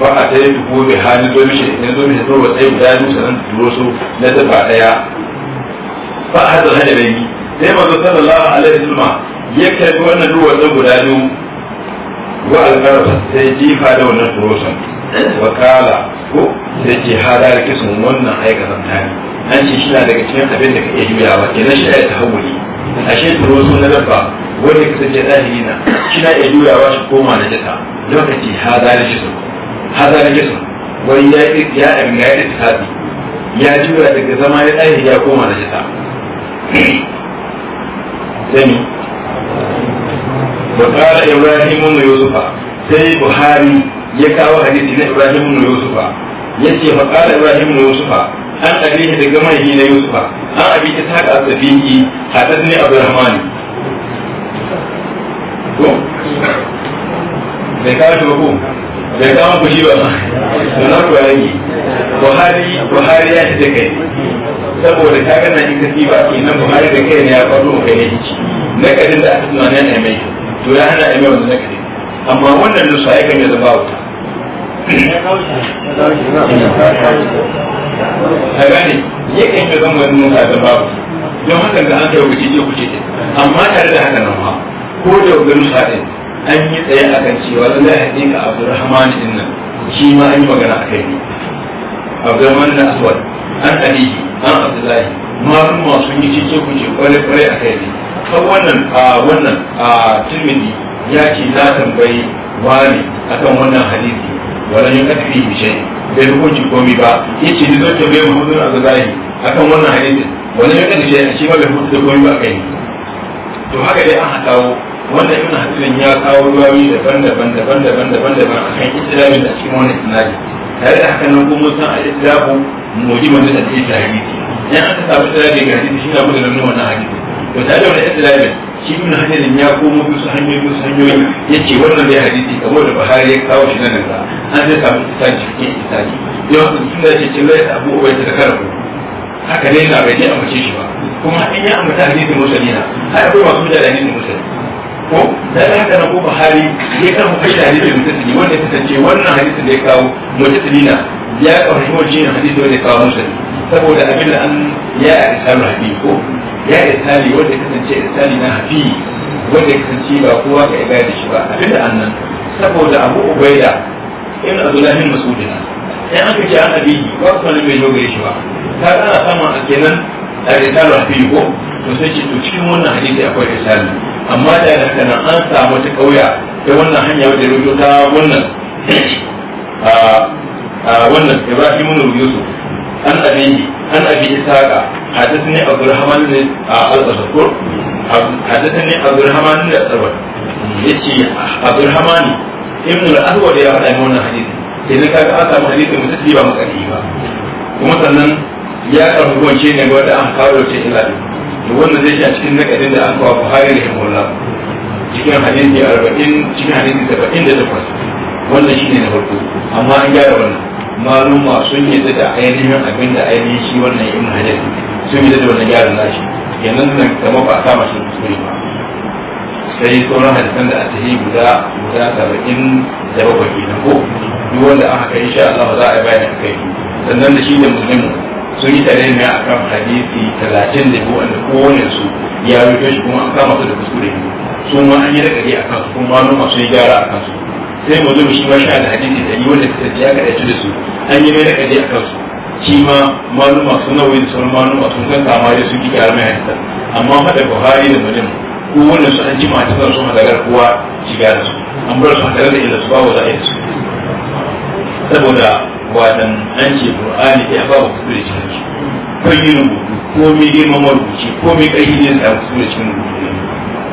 ba a tare da gobe hali zome shi da zome shi zome tsaye guda biyu sannan da turo su na dafa ɗaya ba a hada hada bai yi sai mazo sallallahu alaihi wasallam ya karfi wannan ruwan da guda biyu wa alƙarfa sai jifa da wannan turo sun wakala ko sai ce hada da kisan wannan aikatan tani an ce shi na daga cikin abin da ka iya juyawa kenan shi ya ta hawuli a ashe turo sun na dabba wanda ya kasance zahiri na shi na iya juyawa shi koma na jisa lokaci haza na jisu haza na jisu wani ya ya abin ya yi tafi ya juya daga zama na zahiri ya koma na jisa sani wa qala ibrahim na yusufa sai buhari ya kawo hadisi na ibrahim na yusufa yace fa qala ibrahim na yusufa an ɗare shi daga mai na yusufa an abi ta ta ka sabihi hadar ne abu rahmani ko bai kawo shi ba ko bai kawo ku shi ba da na kuwa yi buhari buhari ya ci da kai saboda ta gana in ka ba ke nan buhari da kai ne ya faru kai ne shi na kadin da aka tunanin a mai to ya hana a mai wanda na kadin amma wannan nusa ya kan yi zaba wuta a gane ya kan yi zan wani nuka da babu don haka ga an kai wuce ce kuce ce amma tare da haka nan ma ko da wani nuka din an yi tsaye a kan cewa lallai haƙiƙa abdurrahman din nan shi ma an yi magana a kai ne abdurrahman na aswad an alihi an abdullahi malum masu yi cikin kuce kwale-kwale a kai ne kan wannan a wannan a tilmidi ya ce na tambayi wani akan wannan hadisi wala yi kadiri bishai bai hukunci komi ba yace ni zai tambaye mu hudu dai akan wannan hadisi wani ya kace shi ma bai hukunci komi ba kai to haka dai an hakawo wannan ibn hadisin ya kawo ruwayoyi daban-daban daban-daban daban-daban akan islamin da cikin wannan isnadi tare da haka nan kuma san al-islamu mujiban da tarihi in aka samu islami ga hadisi shi da gudanar wannan hadisi to tare da wannan islamin shi ibn hajarin ya komo musu hanyoyi musu hanyoyi ya ce wannan dai hadisi kamo da bahari ya kawo shi nan da an zai samu isaji cikin isaji yau da mutum da ya ce lai abu ubai ta kara ku haka ne na bai ne a mace shi ba kuma in ya ambata hadisin musulmi na har akwai masu mutane da musulmi ko da ya haka na ko buhari ya karfa fashi da hadisin mutasili wanda ya kasance wannan hadisin da ya kawo mutasili na ya karfa wajen hadisi wanda ya kawo mutasili saboda abin da an ya isalu hafi ko ya isali wanda ya kasance isali na hafi wanda ya kasance ba kowa ka ibada da shi ba abin da annan saboda abu ubaida in abdullahi masudina sai an kace an abiyi ba kuma ne mai dogare shi ba ta ana samun a kenan a risalu hafi ko to sai ce to cikin wannan hadisi akwai risalu amma da haka nan an samu ta kauya ta wannan hanya wadda rubuto ta wannan wannan ibrahim ibn yusuf an abihi an abi isaqa hadathani abdul rahman al-asfur hadathani al yace ibn al ya faɗa wannan hadisi samu hadisi ba makali ba kuma sannan ya karbi gonce ne ga wanda an kawo da cikin lafi da wannan zai shi a cikin nakadin da an kawo buhari da himola cikin hadisi arba'in cikin hadisi saba'in da takwas wannan shi ne na farko amma an gyara wannan maluma sun yi da ainihin abin da ainihin shi wannan ibn hajar sun yi da wannan gyaran nashi yanzu nan kama ba a sama shi kuskure ba sai sauran hadisan da a tahi guda guda saba'in da bakwai kenan ko duk wanda aka kai insha Allah za a yi bayani a kai sannan da shi da musulmi sun yi tare ne a kan hadisi talatin da biyu wanda kowane su ya rufe shi kuma an kama su da kuskure ne su ma an yi rakari a kansu kuma maluma sun yi gyara a kansu sai mu zo shi ma sha da hadisi da yi wanda ta ya kaɗaice da su an yi mai rakari a kansu shi ma maluma sun nawayi da sauran maluma sun kan kama da su ki gyara mai hadisa amma haɗa buhari da mulim kowane su an ji ma ta sun hadagar kowa shiga da su an bar su hadagar da ila su ba wa za a yi su saboda watan an ce qur'ani ya ba ku da cikin shi ko yi rubutu ko mi girma marubuci ko mi ƙarfi ne da ku da cikin rubutu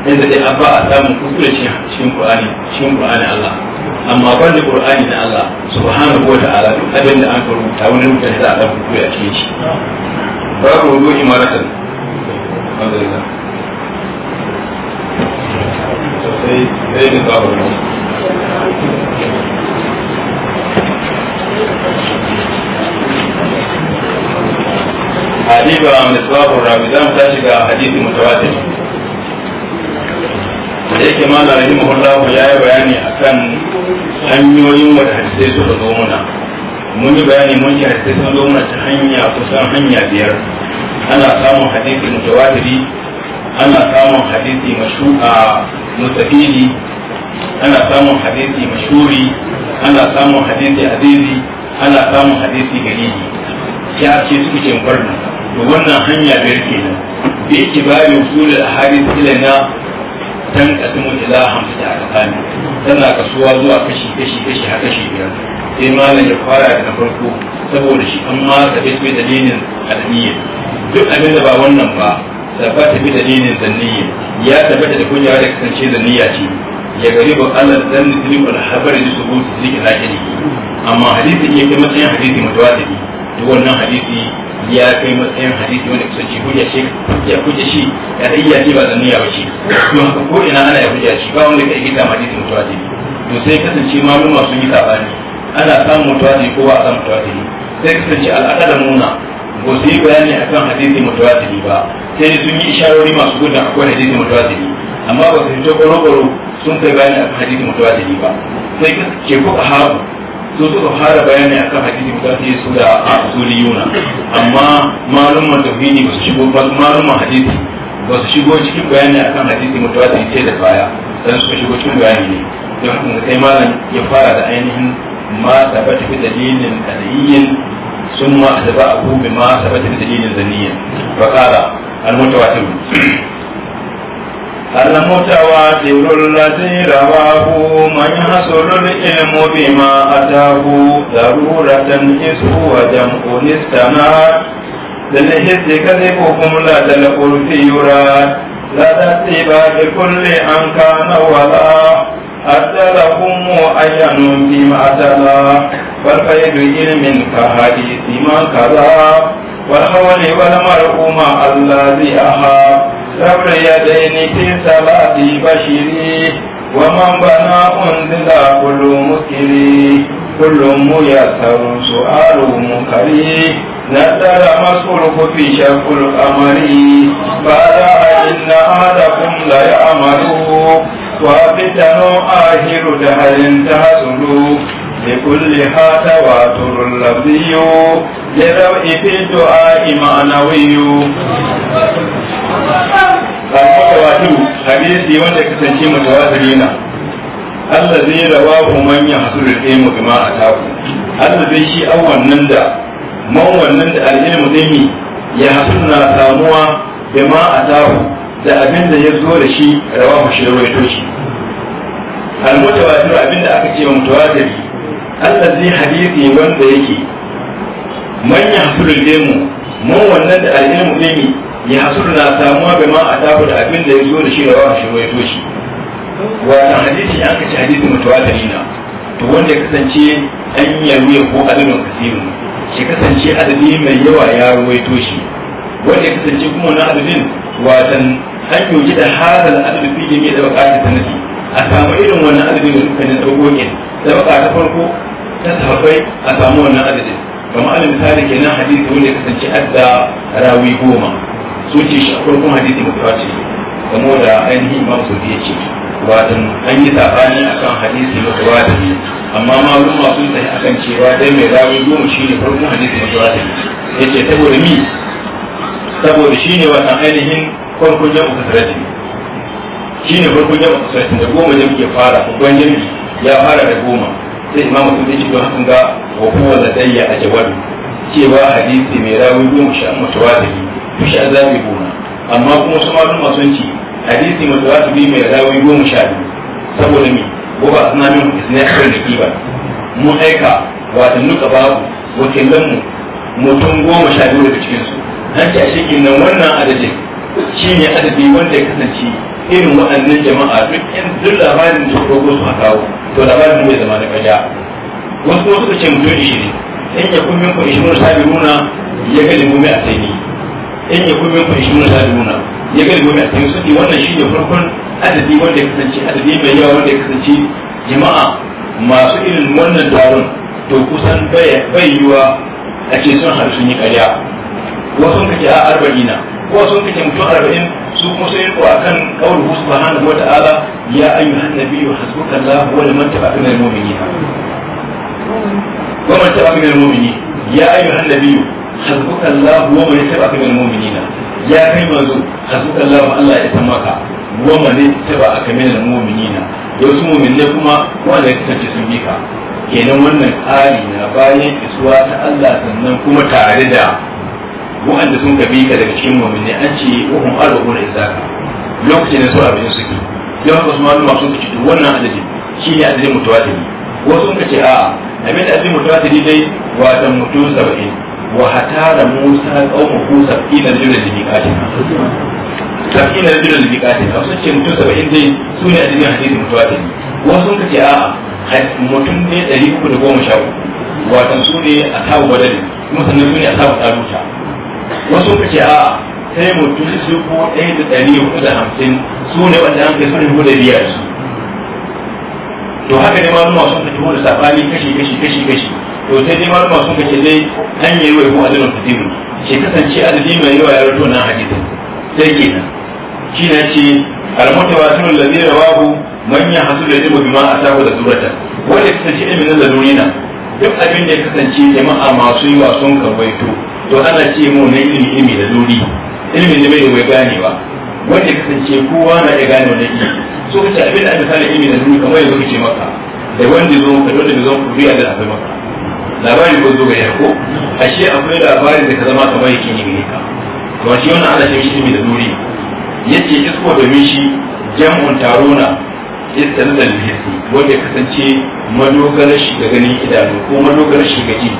inda dai abba a samun kuskure cikin qur'ani cikin qur'ani Allah amma ban da qur'ani na Allah subhanahu wa ta'ala duk abin da an ta wani rubuta da aka ku a cikin shi babu wudu imaratan alhamdulillah sai sai da babu hadisi wa misbahu ramidan ta shiga hadisi mutawatir da yake ma na rahimahullahu ya yi bayani a kan hanyoyin wata hadisai suka zo muna mun yi bayani mun yi hadisai sun zo muna ta hanya kusan hanya biyar ana samun hadisi mutawatiri ana samun hadisi mashu'a mustafili ana samun hadisi mashuri ana samun hadisi azizi ana samun hadisi gari ya ce suke barna to wannan hanya da biyar kenan da yake bari usul al-ahadith ilana dan qasmu ila hamsa al-qani tana kasuwa zuwa kashi kashi kashi har kashi biyar sai malam ya fara da farko saboda shi an ma da bai dalilin al-niyya duk abin da ba wannan ba tabbata bi dalilin zanniya ya tabbata da kunya da kasance zanniya ce ya gari ba Allah dan nufin wal habari da subut zikir lakini amma hadisi ne kai matsayin hadisi mutawatir to wannan hadisi ya kai matsayin hadisi wanda kusanci hujja shi ya hujja shi ya hujja shi ba zanniya ba shi don haka ko ina ana ya hujja shi ba wanda ka yi gita hadisi mutuwa to sai kasance maluma sun yi sabani ana samun mutuwa ne ko ba a samun mutuwa sai kasance al'adar nuna ba su yi bayani akan hadisi mutuwa ba sai sun yi isharori masu gudun akwai hadisi mutuwa ne amma ba su fito goro sun kai bayani akan hadisi mutuwa ba sai ke kuka haru so su fara bayani akan hadisi guda sai su da a asuliyuna amma malumman tauhidi ba su shigo malumman hadisi ba su shigo cikin bayani akan hadisi ta sai da baya dan suka shigo cikin bayani ne don haka sai malam ya fara da ainihin ma tabbata bi dalilin kadiyyin ثم أتبعه بما ثبت بدليل ذنيا فقال المتواتر المتواتر الذي رواه من حصل العلم بما أتاه ضرورة إذ هو جمع استناد للحس كذبكم لدى في يرى لا اتباع بكل أن كان ولا أدى لهم بما فيما تلا والقيد علم كحديث ما كذا والحول والمرء مع الذي أحاب سبر يدين في صلاة بشري ومن بنى أنزل كل مسكري كل ميسر سؤال مكري نزل مسؤولك في شف القمر قال إن لا يعملوا وفتن آخر دهر تحصل لكل هذا واتر لذوء في الدعاء معنوي amma tawatur hadisi wanda kasance mutawatir yana Allah zai rawa ku manyan su rike mu gama a taku Allah zai shi an wannan da man wannan da al'ilmu ɗin ya hasu samuwa gama a taku da abin da ya zo da shi rawa mu shi rawaito shi al-mutawatir abin da aka ce wa mutawatir Allah zai hadisi wanda yake manyan su rike mu man wannan da al'ilmu ɗin ya hasuru na samuwa bai ma a tafi da abin da ya zo da shi da wani shirwa ya toshi wata hadisi an kace hadisi mutawatiri na to wanda ya kasance an yarwe ko adadin kasirin shi kasance adadi mai yawa ya ruwaito toshi wanda ya kasance kuma na adadin watan an yoki da hadal adadin fiye jami'a da bukata sanadi a samu irin wannan adadin da suka ne dogokin da ta farko ta sahabbai a samu wannan adadin kamar alal misali kenan hadisi wanda ya kasance adda rawi goma suci shi akwai kuma hadisi mutawatir kamar da ainihin imam su ya ce wadan an yi sabani akan hadisi mutawatir amma malum masu yi akan cewa dai mai rawi goma shi ne farkon hadisi mutawatir ya ce saboda mi saboda shi ne wata ainihin farkon jama'a kasarati shi ne farkon jama'a kasarati da goma jami'a fara babban jami'a ya fara da goma sai imam mutum ya ce don haka ga wa kowa ladayya a jawabi cewa hadisi mai rawi goma shi da mutawatir mushi an zabi gona amma kuma wasu malum sun ci hadisi su bi mai rawi goma sha biyu saboda me ko ba suna min isna kan da kiba mun aika wata nuka babu wakilan mu mutum goma sha biyu daga cikinsu su an ce a shekin nan wannan adadin shi ne adadi wanda ya kasance irin waɗannan jama'a duk yan duk labarin da suka ko a kawo to labarin bai zama na kaja wasu kuma suka ce mutum ishirin in ya kun min ku ishirin sabi nuna ya ga a sai asali in ya kuma kuma shi na nuna ya ga gobe a cikin sadi wannan shi ne farkon adadi wanda ya kasance adadi mai yawa wanda ya kasance jama'a masu irin wannan taron to kusan bai yiwa a ce sun haɗu sun yi karya wasu kace a arba'ina ko sun kace mutum arba'in su kuma sun yi akan kawul hannu wa ta'ala ya ayyuhan nabiyyu hasbukallahu wa liman tabi'aka minal mu'minin ba man tabi'aka minal mu'minin ya ayyuhan nabiyyu hasbuka Allah wa man tabi'aka min mu'minina ya kai manzo hasbuka Allah wa Allah ya tamaka wa man tabi'aka min mu'minina wasu mu'minai kuma wanda ya kasance sun bi ka kenan wannan tsari na bayan isuwa ta Allah sannan kuma tare da wa'anda sun gabi ka daga cikin mu'minai an ce wahum arbu na izaka lokacin da su abin don haka su malama sun wannan shi ne wasu sun a'a abin da dai saba'in وحتار موسى قومه سبعين رجلا لميقاتنا سبعين رجلا لميقاتنا فسنتي متو سبعين دي سوني أدنى حديث متواتر وسن كتي آه mutum ɗaya ɗari uku da goma sha watan su ne a tawo badali kuma sannan su a tawo tsaruta wasu ka ce a sai mutum su ko ɗaya da ɗari uku da hamsin su ne wanda an kai sun rubuta biya su to haka ne malama sun ka tuhu da sabani kashi kashi kashi kashi to sai dai malama sun ka ce dai dan yayi wa ko adalun kadibu kasance adadi mai yawa ya rato nan hadisi sai kenan shi na ce almutawatir alladhi rawahu manyan hasu da dibu bima atahu da surata wanda kasance ilimin ilmin lalurina duk abin da ya kasance jama'a masu yi wa sun karwaito to ana ce mu na ilimi ilmi da luri ilimin da bai da bai ganewa wanda kasance kowa na ya gane wani ilmi so kace abin da misali ilmi na duniya kamar yanzu kace maka da wanda zo ka da wanda zo ku biya da abai maka labari ko zo ya ko ashe akwai labari da ka zama kamar yake ne ka to shi wannan ana shi ilmi da duniya yace isko domin shi jam'un tarona iskar da lihisi wanda kasance madogara shi ga ganin idanu ko madogara shi ga ji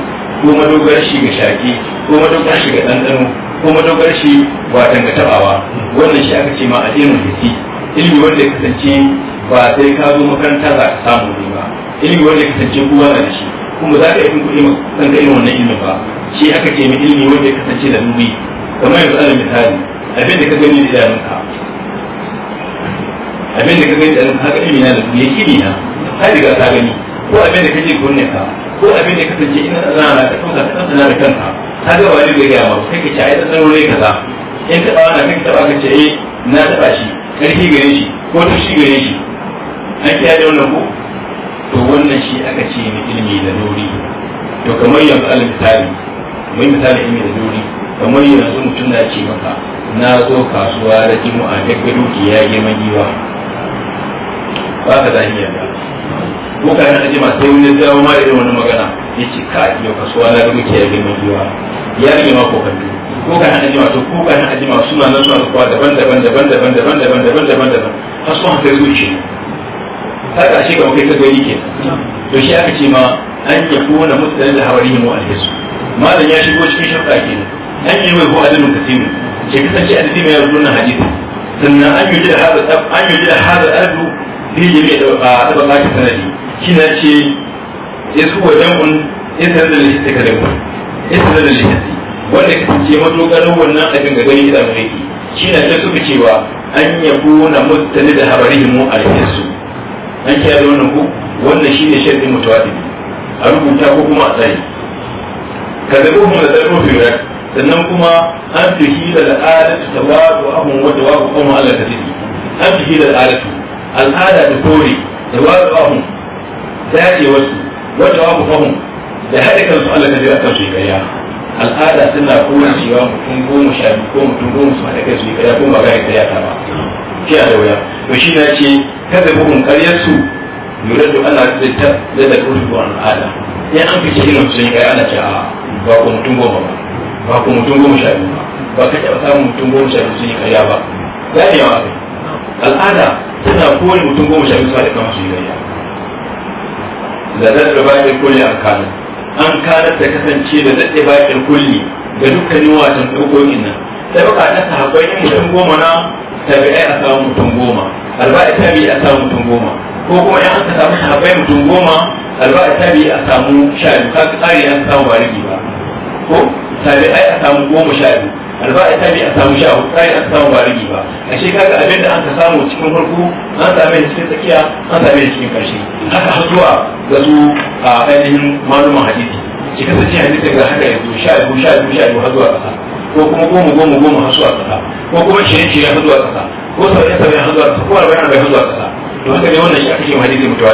ko madogara shi ga shaki ko madogara shi ga ɗanɗano ko madogara shi ba tanga tabawa wannan shi aka ce ma addinin lihisi ilimi wanda ya kasance ba sai ka zo makaranta za ka samu ne ba ilimi wanda ya kasance kowa na da shi kuma za ka yi kuɗi masu san ka irin wannan ilimin ba shi aka ce mai ilimi wanda ya kasance da nubi kamar yanzu ana misali abin da ka gani da idanunka abin da ka gani da idanunka haka ilimi na da nubi ya ilimi na har riga ka gani ko abin da kake kunne ka ko abin da kasance ina da zana ka kanka ka tantana da kanka ka ga wani bai gaya ma kai ka ci a yi tsaro ne kaza in ka na kai ka taba ka ce eh na taɓa shi ƙarfi gare shi ko ta shi gare shi an kiya da wannan ko to wannan shi aka ce ne ilimi da dori to kamar yanzu al misali mai misali ilimi da dori kamar yanzu mutum na ce maka na zo kasuwa da jimu'a da gado ki ya girma giwa ba ka zahiya ba ko ka yana jima sai wani zama ma irin wani magana ya ce ka yau kasuwa na gado ki ya girma giwa ya rage ma ko kallo ko kana ajima to ko kana ajima suna nan suna kuwa daban daban daban daban daban daban daban daban daban har sun haka zuci ta ƙarshe ga kai ta gari ke to shi aka ce ma an ko na mutane da hawari mu alhisu malam ya shigo cikin shafka ke an yi mai ko adamin kasimu ke kasance a cikin mai rubunan hadisi sannan an yi da hada an yi da hada ardu bi jami'a da ba ta sanadi Kina na ce yasu wajen un yasarar da lihisi kadai ba yasarar da lihisi wanda ce madogarin wannan abin ga gani idan yake shi na sai suka cewa an ya kuna mutane da habarihim a yansu an kiyaye wannan ku wannan shi shine sharɗin mutawaddi a rubuta ko kuma a tsayi Ka ko kuma da tsaro mafi rak sannan kuma an fi hila da a tawadu ahun wa tawadu mu Allah ta tafi an fi hila da alatu al'ada da kore tawadu ahun dace wasu wa tawadu mu da haɗe kansu Allah ta tafi akan su ya kayya al'ada suna kuma cewa mutum goma sha biyu ko mutum goma su haɗa kai su kaya ko ba ya kaya ta ba kiya da wuya to shi na ce kada bugun karyar su lura da ana zai da kurfi wa al'ada ya an fi irin mutum yi kaya ana ce a ba ko mutum goma ba ba ko mutum goma sha biyu ba ba ka taba samun mutum goma sha biyu sun yi kaya ba ya ne ma kai al'ada tana kowane mutum goma sha biyu su haɗa kan su yi kaya da zai da bayan kulle a kanu an kada ta kasance da daɗe bakin kulli ga dukkanin watan ɗaukokin nan sai baka ta sahabbai ne mutum goma na tabi'ai a samu mutum goma alba'i tabi'i a samu mutum goma ko kuma in aka samu sahabbai mutum goma alba'i tabi'i a samu sha biyu ka tsari an samu ba ba ko tabi'ai a samu goma sha biyu alba'a ta bi a samu sha hudu ta yi samu ba rigi ba a shi kaga abin da an ka samu cikin farko an same da cikin tsakiya an same da cikin karshe haka har zuwa ga su a ainihin malumin hadisi shi kasance hadisi ga haka ya yanzu sha biyu sha biyu sha biyu har zuwa ƙasa ko kuma goma goma goma har zuwa ƙasa ko kuma shirin shirin har zuwa ƙasa ko sauye sauye har zuwa ƙasa ko arba'in arba'in har zuwa ƙasa to haka ne wannan shi aka ce hadisi mutawa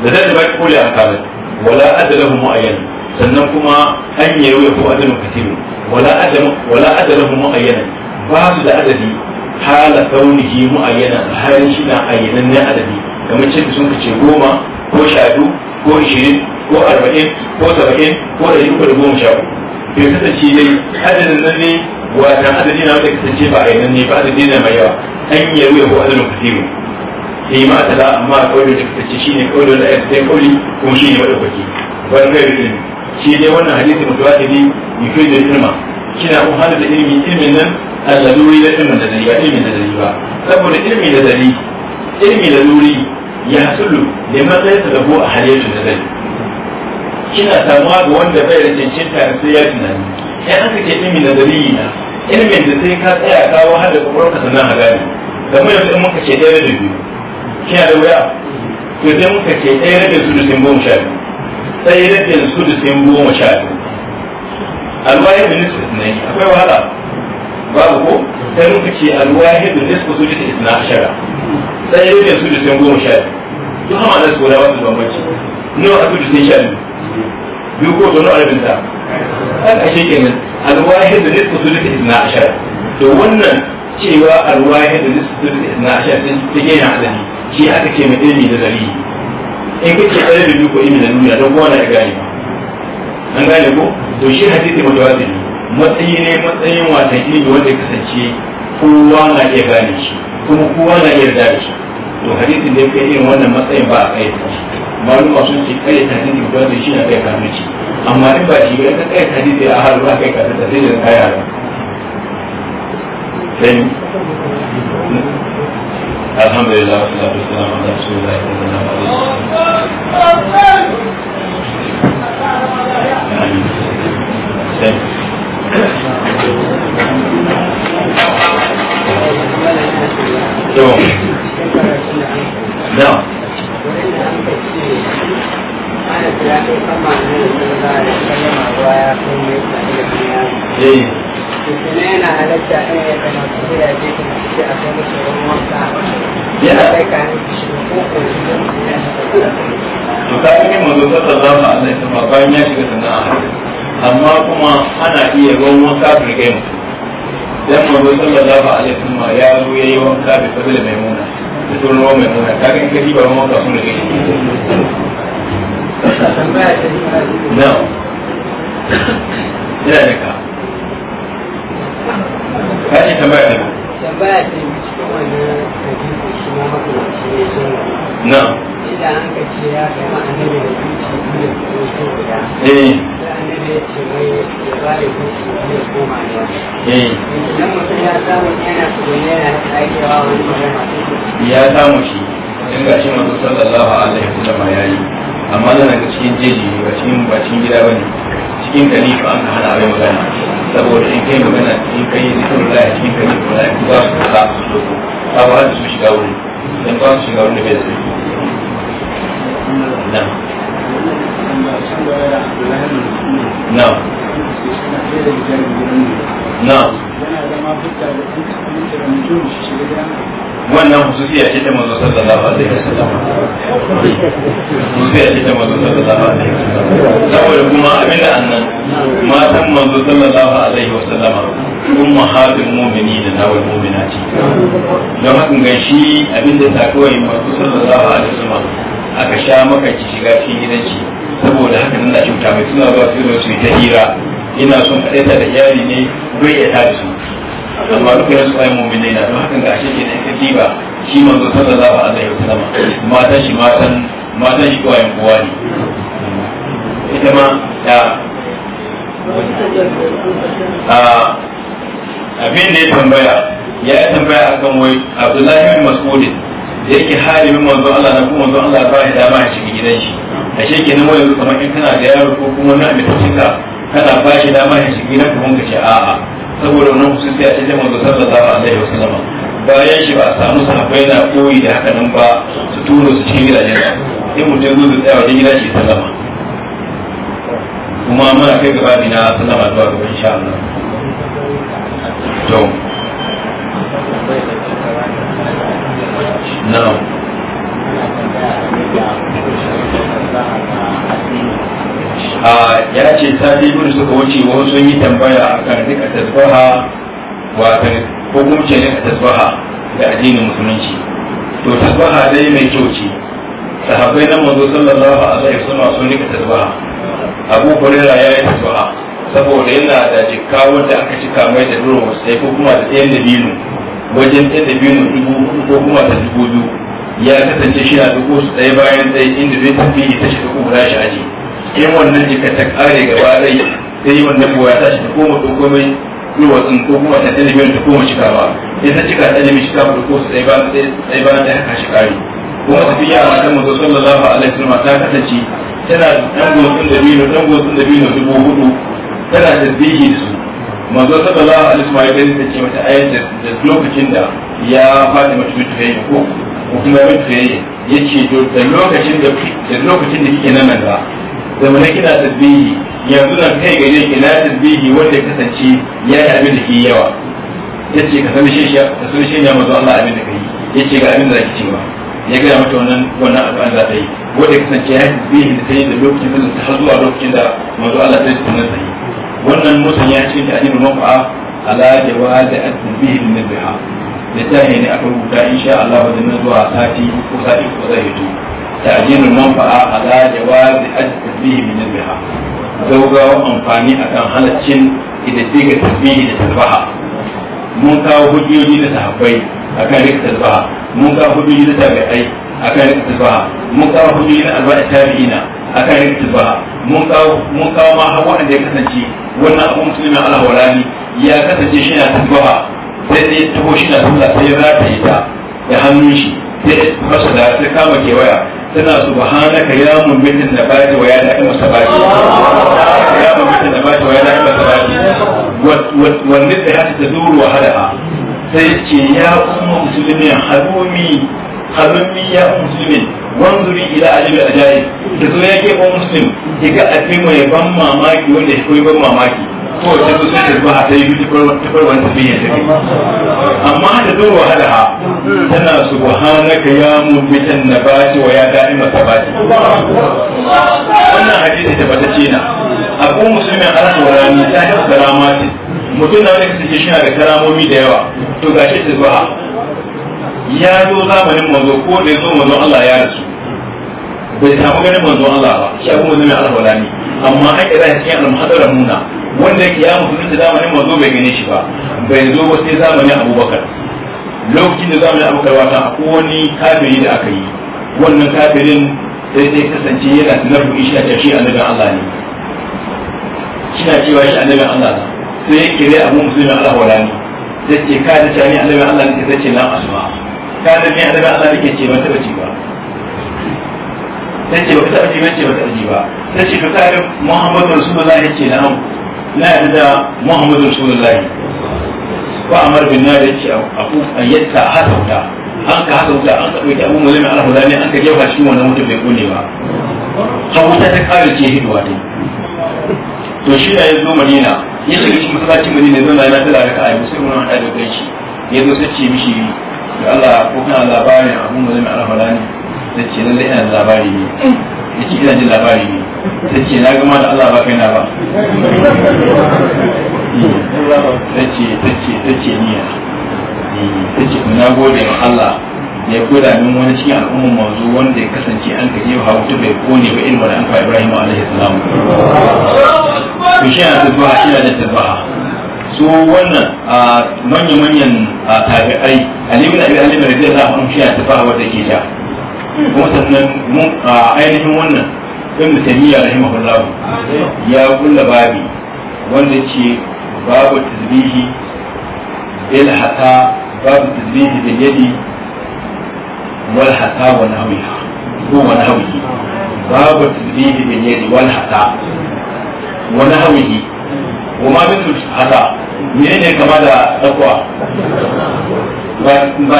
da ne da zai da baki kula a kamar wala adda lahu mu'ayyan sannan kuma an yi yau ko adamu kasiru wala adamu mu adamu muayyana ba su da adadi hala mu kaunihi muayyana halin shi na ayyanan ne adadi kamar ce sun kace goma ko shadu ko ishirin ko arba'in ko saba'in ko ɗari uku da goma sha uku bai kasance dai adadin nan ne watan adadi na wanda kasance ba ayyanan ne ba adadi na mai yawa an yi yau ko adamu kasiru sai ma ta da amma kawai da kasance shi ne kawai da ayyanan sai kawai kuma shine madaukaki wani kai da ilimi shi dai wannan hadisi mutawatiri yake da ilma kina kun hada da ilmi ilmin nan al-laluri da ilmin da dari ba ilmin da dari ba saboda ilmi da dari ilmi da luri ya sulu da matsayin da ko a halayyar da dari kina samuwa ga wanda bai da cancanta sai ya tunani sai an kace ilmi da dari na ilmin da sai ka tsaya kawo hada ka sannan a gane kamar yadda in muka ce ɗaya da biyu kina da wuya to sai muka ce ɗaya da su sun goma sha biyu sai su rabin sudusin goma sha biyu alwahid nisfu yi akwai wahala babu ko sai muka ce alwahid su da isna ashara sai su da sudusin goma sha biyu duk hama da su wadawa su bambanci nawa a su sudusin sha biyu biyu ko zono arabin ta haka alwaye da alwahid su da isna ashara to wannan cewa alwaye da alwahid su da isna ashara take yana adadi shi aka ce mai ilmi da dalili in kuke tsare da duko ilmi nan duniya don kowa na ya gane an gane ko to shi hadisi mutawazi matsayi ne matsayin wasan ilmi wanda kasance kowa na iya gane shi kuma kowa na iya yarda da shi to hadisin da yake irin wannan matsayin ba a kai shi maluma sun ce kai hadisi mutawazi shi na kai ka kanuci amma in ba shi ba ka kai hadisi a haru ba kai kasance sai da kai haru alhamdulillah wa wasu lafi suna masu suna Yeah. kuma yana halatta in ya kana kuma ka a kai musu kai ne shi ko ka amma kuma ana iya ruwan wanka bai kai mutum ta mazo sallallahu alaihi wasallam ya zo yayi wanka bai fadila maimuna da tun ruwan maimuna ka ga kai ba wanka sun da kai na ina da ka ka ce tambaya ne tambaya ce cikin wannan hadisi shi ma makamanci ne shi na inda an ka ce ya kai annabi da zuci biyu ko so guda eh sai annabi ya ce mai ya ba da zuci biyu ko ma ne eh idan mutum ya samu yana tsoron yana aikewa wani magana ya samu shi in ga shi manzo sallallahu alaihi ya yi amma nan ga cikin jeji ba cikin ba cikin gida bane cikin kalifa an hana abin magana saboda in kai magana in kai zikrullah a cikin kai malaiku za su kasa su ba ba su shiga wurin dan ba su shiga wurin da bai da sarki na na na yana zama fita da mutum shi shiga na. wannan hususiya ce ta manzo sallallahu alaihi wasallam hususiya ce ta manzo sallallahu alaihi wasallam saboda kuma abinda annan matan manzo sallallahu alaihi wasallam ummahatul mu'minin da wal mu'minati don haka ga shi abinda ta kawai manzo sallallahu alaihi wasallam aka sha maka ki shiga cikin gidanki saboda haka nan da cuta mai suna ba su yi ta hira ina son kaɗaita da iyali ne bai ya tare su amma duka yasu ai mu'minai na don hakan gashi ke ne ka diba shi manzo sallallahu alaihi wasallam mata shi matan mata shi kowa yan kowa ne ita ma da abin da ya tambaya ya yi tambaya akan wai abdullahi bin mas'udin da yake min manzo Allah na kuma manzo Allah ba ya dama ya shiga gidan shi a shekin yanzu kamar in kana da yaro ko kuma na mai tafi kana ba shi dama ya shiga gidan ka mun ka ce a'a saboda wannan mutum sai a ce jama'a sallallahu alaihi wasallam bayan shi ba a samu sahabbai na koyi da haka nan ba su turo su cikin gidajen sai mutum gudu tsaya wajen gida shi sallama kuma mana kai gaba da na sallama zuwa gaba insha Allah to na'am ya ce sati biyu suka wuce wani sun yi tambaya a kan duka tasbaha wata ko kuma ce duka tasbaha da addinin musulunci to tasbaha dai mai kyau ce sahabbai nan mazo sallallahu alaihi wasallam sun duka tasbaha abu hurairah ya yi tasbaha saboda yana da jikka wanda aka cika mai da duro sai ko kuma da ɗayan dabino wajen ɗayan dabino dubu ko kuma da dubu biyu ya kasance shi na dubu su ɗaya bayan ɗaya inda zai tafi ta shi kuma guda shi aji yan wannan jika ta kare gaba dai sai wannan buwa ta shi ko mutum komai wa tsin ko kuma ta talibin ta koma cikawa sai ta cika talibin shi ta ko su sai ba sai ba ta haka shi kare kuma tafiya ma ta manzo sallallahu alaihi wasallam ta kasance tana dan gosun da bino dan gotsin da bino dubu hudu tana da da su manzo sallallahu alaihi wasallam ya gani ta ce mata ayat da lokacin da ya fadi mutum ta yi ko kuma ya mutu yayi yace to da lokacin da lokacin da kike nan nan ba zamana kina tasbihi yanzu nan kai gare ki na tasbihi wanda kasance ya yi abin da ke yawa yace ka san shi ka san shi ya manzo Allah abin da kai yace ga abin da zaki ci ya ga mata wannan wannan abin da ta yi wanda kasance ya yi tasbihi da kai da lokacin da ta har zuwa lokacin da manzo Allah sai sunan sai wannan mutum ya ce da annabi mafa'a ala jawazi at-tasbihi min al-biha da ta ne aka rubuta insha Allah wajen zuwa sati ko sati ko zai fito تعجيل المنفعة على جواز حد تسبيه بجنبها زوجة أنفاني أكان حلتشن إذا تيجي تسبيه لتسبحها mun kawo hujjoji da sahabbai akan rika tasbaha mun kawo hujjoji da tabi'ai akan rika tasbaha mun kawo hujjoji da alba'i tabi'ina akan rika tasbaha mun kawo mun kawo ma har wanda ya kasance wannan abu musulmi Allah walani ya kasance shi na tasbaha sai dai taho shi na sai da hannun shi ya da sai kama kewaya tana subhanaka ya mummitin da baki waya da da'i masa baki ya mummitin da baki waya da da'i masa baki wannan da ya ta duru wa hada'a sai ce ya umma musulmi harumi hammin ya muslimin wanzuri ila ajiyar ajayi da zo ya keɓa muslim ya ga abin ya ban mamaki wanda ya koyi ban mamaki ko ta zo sun tafi a sai yuji tafar wani tafi ya tafi amma da zo wahala ha tana subhanaka ya mumitan nabati wa ya dani masabati wannan hadisi da bata ce na abu musulmin arzu rami ta da karamati mutum na wani kasance shi na da karamomi da yawa to gashi ta zuwa ya zo zamanin manzo ko da zo manzo Allah ya rasu bai samu ganin manzo Allah ba shi kuma zai Allah wala ni amma an kira shi cikin al-muhadara muna wanda yake ya mutu da zamanin manzo bai gane shi ba bai zo ba sai zamanin Abubakar lokacin da zamanin Abubakar wata akwai wani da aka yi wannan kafirin sai sai kasance yana tunar shi a a annabin Allah ne na cewa shi a annabin Allah sai ya kire abu musulmi Allah wala ni yake ka da tani annabi Allah ne zai ce la asma ka da ni annabi Allah yake ce mata bace ba sai ce ba ta ci ba ce ba ta ci ba sai ce ka da Muhammadu Rasulullahi ce na na da Muhammadu Rasulullahi wa amar bin nar yace aku ayyata hada an ka hada wuta an ka dauki abu mulmi ala huda ne an ka jefa shi wannan mutum bai kone ba ka wuta ta kare ce hidwa dai to shi da ya zo madina ya shiga shi masallacin madina ya zauna yana tara raka a musulmi wani hada da shi ya zo ce mishi da Allah ko kana labarin abun da mai alfara ne da ce nan ina yana labari ne ya ce ina jin labari ne ta ce na gama da Allah ba kai na ba ta ce ta ce ta ce niya ta ce na gode ma Allah ya gwada min wani cikin al'ummar manzo wanda ya kasance an kaje hawa ta bai kone ba ilmu da an fa Ibrahim alaihi salam to shi yana zuwa shi da tarbaha su wannan manya-manyan tabi'ai alimin abin alimin da zai zama shi yana tarbaha wadda ke ja kuma sannan ainihin wannan ibn taymiya rahimahullahu ya kulla babi wanda ce babu tasbihi ilhata babu tasbihi da yadi wal hata wa nahwiha ko wa nahwihi babu tasbihi da yadi wal hata wa nahwihi wa ma min ne ne kama da takwa ba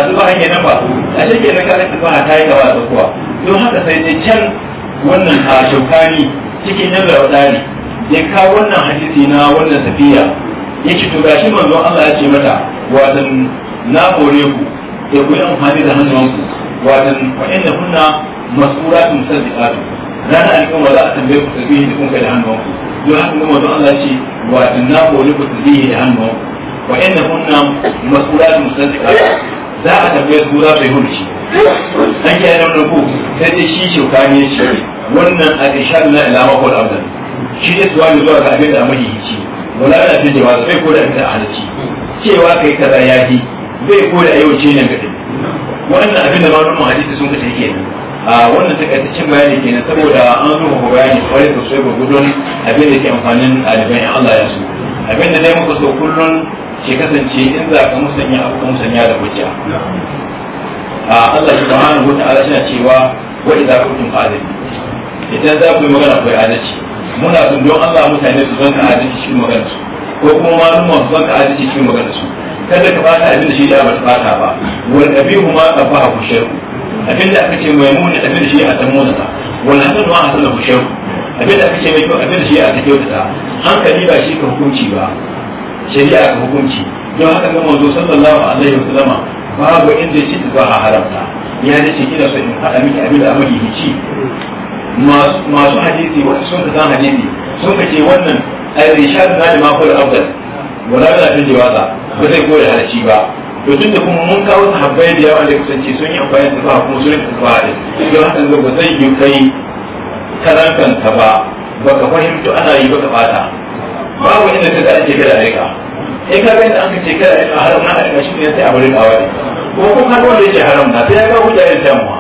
su ba hanyar nan ba a shi ke na kare ta yi gaba da takwa don haka sai ne can wannan a shaukani cikin nazar raudani ya kawo wannan hadisi na wannan safiya ya ci tuga shi manzo Allah ya ce mata watan na hore ku ya ku yi amfani da hannunku wa inna kunna masuratun sadiqatu ranar alƙawar za a tambaye ku tasbihi da kun kai da hannuwanku don haka kuma don Allah ce wa na koli ku tasbihi da hannu hannuwanku wa inna kunna mas'ulatun musaddiqa za a tambaye su za su yi hulci an kiyaye da wannan ku sai dai shi shukani ya ce wannan a ishar na ilama ko abdan shi ne suwa ne zuwa ga abin da mahihici wala da abin da sai bai ko da ta da halici cewa kai kaza ya yi bai ko da yau ce ne ga wannan abin da malamin hadisi sun kace kenan a wannan cin bayani kenan saboda an rubuta bayani kwarai da sai gudun abin da ke amfanin alibai Allah ya so abin da dai muka so kullun ke kasance in za ka musanya abu ka musanya da hujja Allah subhanahu wa ta'ala yana cewa za ku kuntum fa'adin idan za ku yi magana ko ya adalci muna son don Allah mutane su zanka adalci cikin magana su ko kuma malumma su zanka adalci cikin magana su kada ka bata abin da shi ya bata bata ba wal abihu ma abaha ku shehu abin da aka ce mai muni abin da shi a san mona ta wal hasan ma hasan ku shehu abin da aka ce mai kyau abin da shi a ta kyautata hankali ba shi ka hukunci ba shari'a ka hukunci don haka ga manzo sallallahu alaihi wa sallama babu inda shi ba a haramta ya ne ce kina so in faɗa miki abin da amali ci masu hadisi wasu sun ka san hadisi sun ka ce wannan a rishar na da makon abdal wala yana cin jiwaza ba zai koya da shi ba to tun da kuma mun kawo sahabbai da yawa da kasance sun yi amfani da sahabbai kuma sun yi amfani da don haka ba zai yi kai karankanta ba baka fahimta ana yi ba ka bata babu inda ta da ake kada aika in ka ga inda aka ce kada aika haram na aika shi ne sai a bari kawai ko kuma har wanda yake haram na sai ya ga hujja irin tamu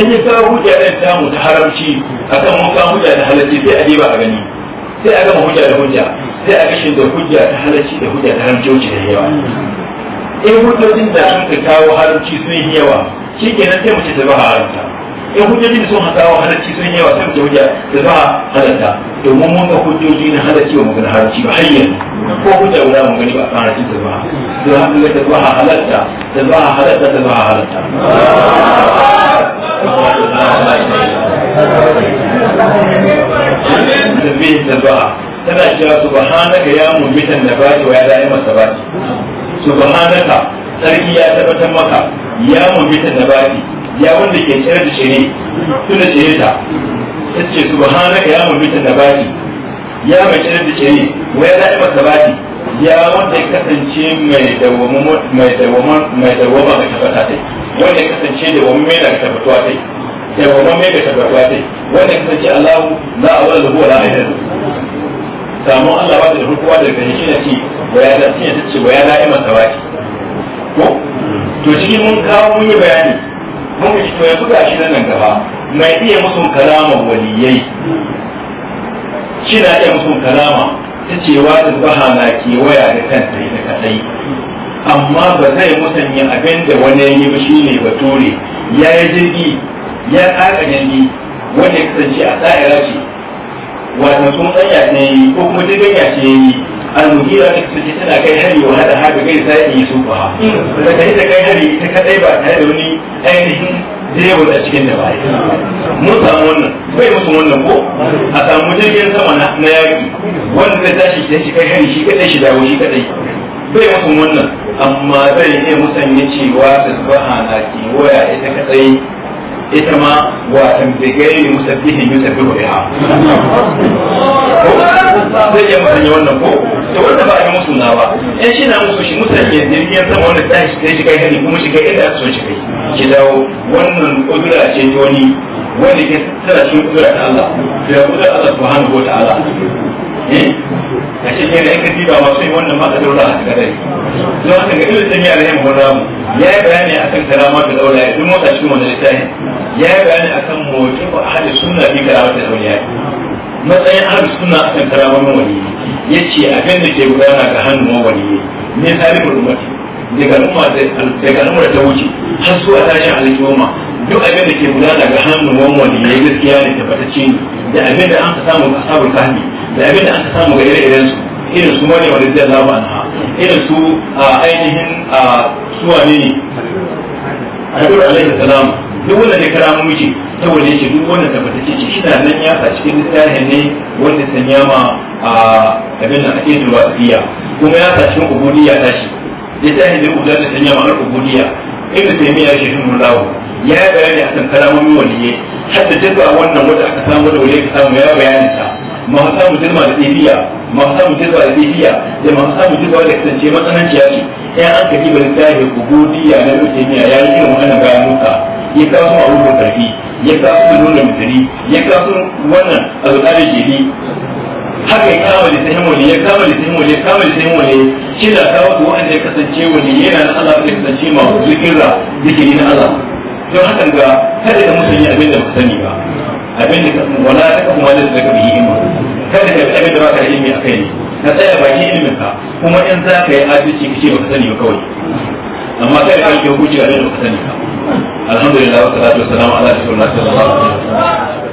in ya ga hujja irin tamu ta haramci akan mun ga hujja da halalci sai a je ba a gani sai a gama hujja da hujja sai a gashin da hujja ta halarci da hujja ta haramci da yawa in hujjojin da sun ka kawo haramci sun yi yawa shi kenan sai mace ce ta ba haramta in hujjojin da sun ka kawo halarci sun yi yawa sai mace hujja ta ba halarta domin mun ga hujjoji na halarci ba magana ga haramci ba hanyar ko hujja guda mun gani ba a haramci ta ba don haka ga ta ba halarta ta ba halarta ta ba halarta. da bi ta ba tana cewa subhanaka ya mumitan da baki wa ya dai masa baki su ba subhanaka sarki ya tabbatar maka ya mumitan da baki ya wanda ke cire da shiri tuna shiri ta tace subhanaka ya mumitan da baki ya mai cire da shiri wa ya dai masa baki ya wanda ya kasance mai dawwama mai dawwama mai dawwama ga tabbata dai wanda ya kasance da wani mai da tabbatuwa sai. da wannan mai ga tabbatuwa sai wanda kasance Allah la awal lahu wala aidan samun Allah ba da rukuwa da gani shi ne ci wa ya dace ta ce wa ya da'ima tawaki ko to cikin mun kawo mun yi bayani mun ci to yanzu gashi nan gaba mai iya musu kalama waliyai shi na iya musu kalama ta ce wata baha na kewaya da kanta ita kadai amma ba zai musanya abin da wani ya yi ba shi ne bature ya yi jirgi ya tsaka yanni wanda ya kasance a tsa'ira rashi wato sun tsaya ta yi ko kuma duk ganya ce ya yi al-mugira ta kasance tana kai hari wa hada haka kai sai yi su ba da kai ta kai hari ta kadai ba tare da wani ainihin direban a cikin da bai mun samu wannan bai musu wannan ko a samu jirgin sama na yaki wanda zai tashi sai shi kai hari shi kadai shi dawo shi kadai bai musu wannan amma zai iya musanya cewa subhana ki waya ita kadai ita ma watan da gari ne musabbihin yusabbihu biha zai iya musanya wannan ko to wanda ba a yi musu nawa ba in shi na musu shi musanya jirgin sama wanda ta shi kai shiga hani kuma shiga inda so shi kai ki dawo wannan kudura ce wani wanda ke tsara shi kudura ta Allah da kudura Allah subhanahu wa ta'ala da shi ne da yanka diba masu yi wannan masu daura a cikin rai don haka ga ilil jami'a da yamma ramu ya yi bayani akan karama da daura ya duk cikin wannan littafin ya yi bayani akan motsi ko ahli sunna bi karama da daura matsayin ahli sunna akan karamar wani ya ce abin da ke gudana ga hannun wani ne misalin ummati daga al'umma daga ta wuce har su a tashin al'umma duk abin da ke gudana ga hannun wani ya yi gaskiya ne tabbatacce ne da abin da an ka samu a sabon kahani da abin da an ka samu ga ire-iren su irin su mani wani zai lafa na irin su a ainihin a suwane a duk alaihi salam duk wanda ne karamu miji saboda ce duk wanda tabbatacce ce shi nan ya sa cikin littafin ne wanda sanya ma a abin da ake zuwa tsiya kuma ya sa cikin ubudiyya tashi da zahiri guda da sanya ma'ar taymiya shi mun ya yi bayani akan kalamomin waliyyi hatta duka wannan wanda aka samu da waliyyi ka samu ya bayani ta ma samu tilma da tsibiya ma samu tilma da tsibiya da ma samu tilma da kasance matsananciya ce ya an kaji bari zahiri ubudiyya na ibn taymiya ya yi irin wannan bayanuka ya kawo su ma'arufin karfi ya kawo su nuna mutane ya kawo wannan alƙalin jeli haka ya kama sai wani ya kama sai wani ya kama sai wani da ta wato wanda ya kasance wani yana na Allah ya kasance ma zikira zikiri na Allah don haka ga kada ka musulmi abin da ka sani ba abin da ka wala ta kuma da ka bi ilmi kada ka abin da ba ka ilmi akai ne ka tsaya baki ilimin ka kuma in za ka yi adalci kace ba ka sani ba kawai amma kada ka yi hukunci abin da ka sani ba alhamdulillah wa salatu wa salam ala rasulillah sallallahu alaihi wasallam